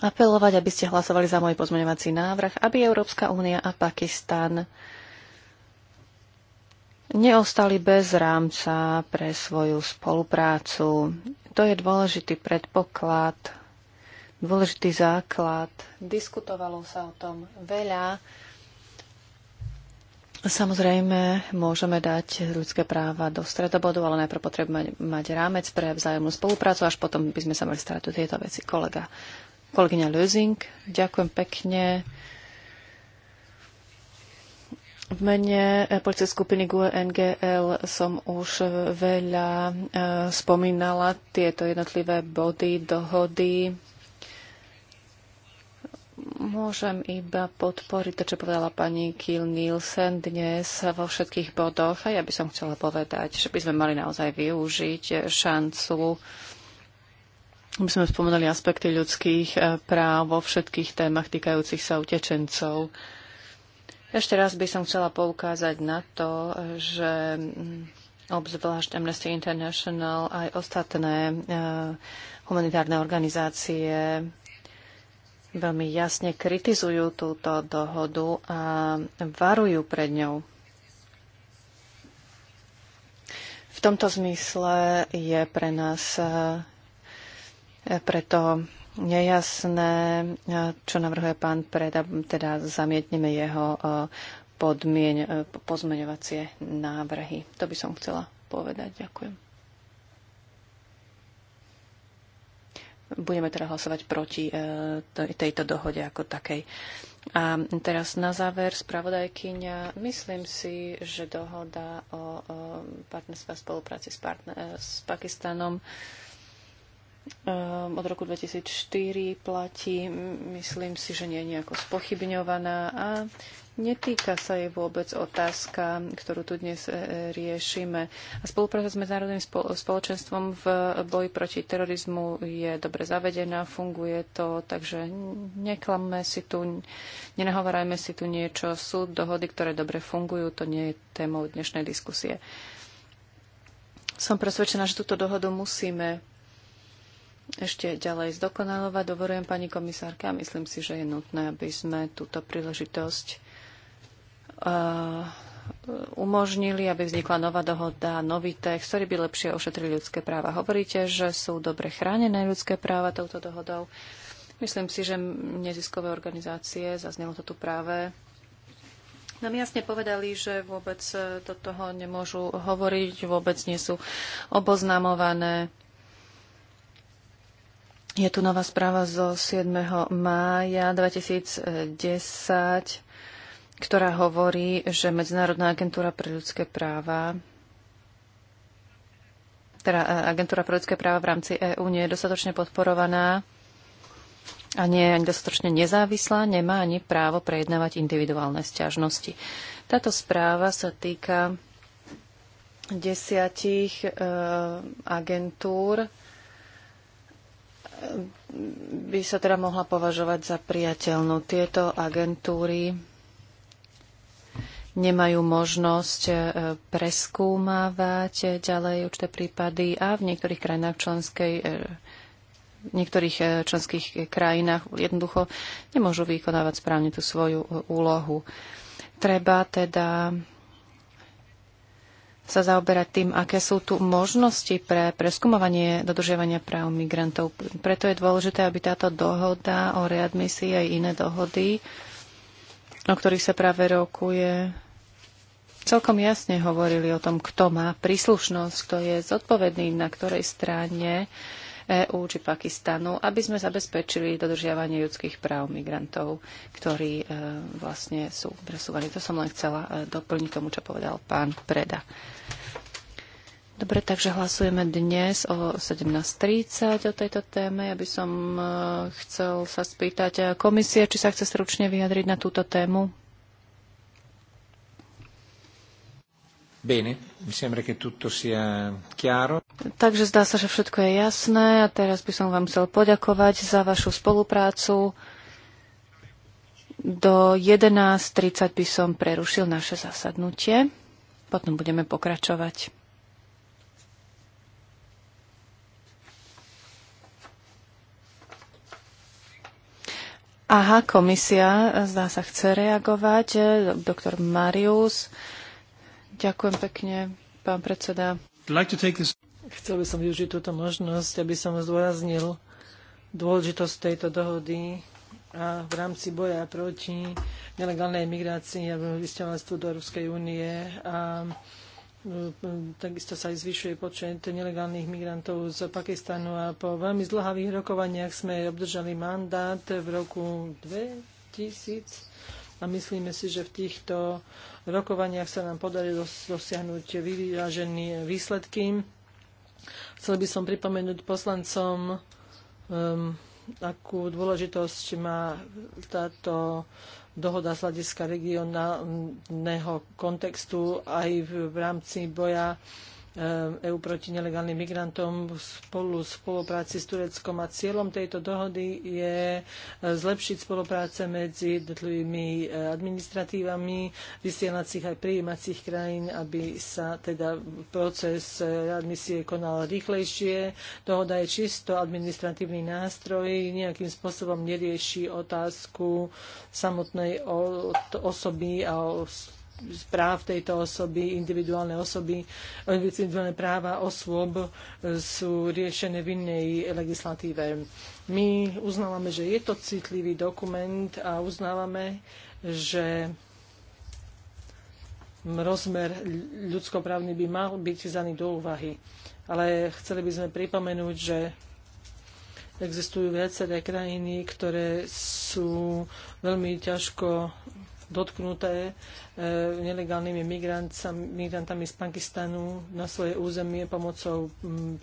apelovať, aby ste hlasovali za môj pozmeňovací návrh, aby Európska únia a Pakistan neostali bez rámca pre svoju spoluprácu. To je dôležitý predpoklad, dôležitý základ. Diskutovalo sa o tom veľa. Samozrejme, môžeme dať ľudské práva do stredobodu, ale najprv potrebujeme mať rámec pre vzájomnú spoluprácu, až potom by sme sa mali starať o tieto veci. Kolega, kolegyňa Lösing, ďakujem pekne. V mene eh, policie skupiny GUE NGL som už eh, veľa eh, spomínala tieto jednotlivé body, dohody. Môžem iba podporiť to, čo povedala pani Kiel Nielsen dnes vo všetkých bodoch. A ja by som chcela povedať, že by sme mali naozaj využiť šancu aby sme spomenuli aspekty ľudských práv vo všetkých témach týkajúcich sa utečencov. Ešte raz by som chcela poukázať na to, že obzvlášť Amnesty International aj ostatné eh, humanitárne organizácie veľmi jasne kritizujú túto dohodu a varujú pred ňou. V tomto zmysle je pre nás eh, preto je jasné, e, čo navrhuje pán Preda, teda zamietneme jeho e, podmien, e, pozmeňovacie návrhy. To by som chcela povedať. Ďakujem. Budeme teda hlasovať proti tejto dohode ako takej. A teraz na záver spravodajkyňa. Myslím si, že dohoda o partnerstve a spolupráci s, partner, s Pakistanom Ehm, od roku 2004 platí, myslím si, že nie je nejako spochybňovaná a netýka sa jej vôbec otázka, ktorú tu dnes e, e, riešime. A spolupráca s medzinárodným spoločenstvom v boji proti terorizmu je dobre zavedená, funguje to, takže neklamme si tu, nenahovárajme si tu niečo. Sú dohody, ktoré dobre fungujú, to nie je témou dnešnej diskusie. Som presvedčená, že túto dohodu musíme ešte ďalej zdokonalovať. Dovorujem pani komisárke a myslím si, že je nutné, aby sme túto príležitosť uh, umožnili, aby vznikla nová dohoda, nový text, ktorý by lepšie ošetril ľudské práva. Hovoríte, že sú dobre chránené ľudské práva touto dohodou. Myslím si, že neziskové organizácie, zaznelo to tu práve, nám jasne povedali, že vôbec eh, do toho nemôžu hovoriť, vôbec nie sú oboznamované je tu nová správa zo 7. mája 2010, ktorá hovorí, že Medzinárodná agentúra pre ľudské práva teda e, agentúra pre ľudské práva v rámci EÚ nie je dostatočne podporovaná a nie je ani dostatočne nezávislá, nemá ani právo prejednávať individuálne stiažnosti. Táto správa sa týka desiatich e, agentúr, by sa teda mohla považovať za priateľnú. Tieto agentúry nemajú možnosť e, preskúmavať ďalej určité prípady a v niektorých krajinách členskej e, v niektorých e, členských krajinách jednoducho nemôžu vykonávať správne tú svoju úlohu. Treba teda sa zaoberať tým, aké sú tu možnosti pre preskumovanie dodržiavania práv migrantov. Preto je dôležité, aby táto dohoda o readmisii aj iné dohody, o ktorých sa práve rokuje, celkom jasne hovorili o tom, kto má príslušnosť, kto je zodpovedný, na ktorej strane EÚ či Pakistanu, aby sme zabezpečili dodržiavanie ľudských práv migrantov, ktorí e, vlastne sú presúvaní. To som len chcela e, doplniť tomu, čo povedal pán Preda. Dobre, takže hlasujeme dnes o 17.30 o tejto téme. Ja by som e, chcel sa spýtať komisie, či sa chce stručne vyjadriť na túto tému.
Bene, mi sembra che tutto sia chiaro.
Takže zdá sa, že všetko je jasné a teraz by som vám chcel poďakovať za vašu spoluprácu. Do 11.30 by som prerušil naše zasadnutie. Potom budeme pokračovať. Aha, komisia zdá sa chce reagovať. Doktor Marius. Ďakujem pekne, pán predseda.
Chcel by som využiť túto možnosť, aby som zdôraznil dôležitosť tejto dohody a v rámci boja proti nelegálnej migrácii a vysťahovalstvu do Európskej únie a Takisto sa aj zvyšuje počet nelegálnych migrantov z Pakistanu a po veľmi zdlhavých rokovaniach sme obdržali mandát v roku 2000 a myslíme si, že v týchto rokovaniach sa nám podarilo dosiahnuť vyvážené výsledky. Chcel by som pripomenúť poslancom, um, akú dôležitosť má táto dohoda z hľadiska regionálneho kontextu aj v, v rámci boja Eh, EU proti nelegálnym migrantom spolu v spolupráci s Tureckom a cieľom tejto dohody je eh, zlepšiť spolupráce medzi jednotlivými eh, administratívami vysielacích aj prijímacích krajín, aby sa teda proces admisie konal rýchlejšie. Dohoda je čisto administratívny nástroj, nejakým spôsobom nerieši otázku samotnej osoby a práv tejto osoby, individuálne osoby, individuálne práva osôb e, sú riešené v innej legislatíve. My uznávame, že je to citlivý dokument a uznávame, že rozmer ľudskoprávny by mal byť zaný do úvahy. Ale chceli by sme pripomenúť, že existujú viaceré krajiny, ktoré sú veľmi ťažko dotknuté e, nelegálnymi migrantami z Pakistanu na svoje územie pomocou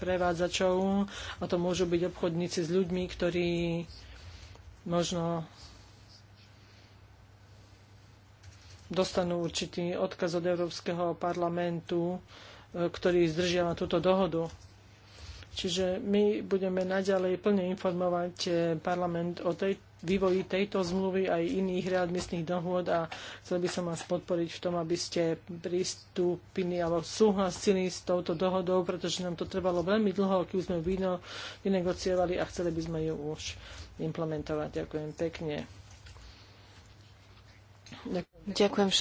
prevádzačov. A to môžu byť obchodníci s ľuďmi, ktorí možno dostanú určitý odkaz od Európskeho parlamentu, e, ktorý zdržiava túto dohodu. Čiže my budeme naďalej plne informovať eh, parlament o tej, vývoji tejto zmluvy aj iných readmisných dohôd a chcel by som vás podporiť v tom, aby ste pristúpili alebo súhlasili s touto dohodou, pretože nám to trvalo veľmi dlho, kým sme víno vynegociovali a chceli by sme ju už implementovať. Ďakujem pekne. Ďakujem.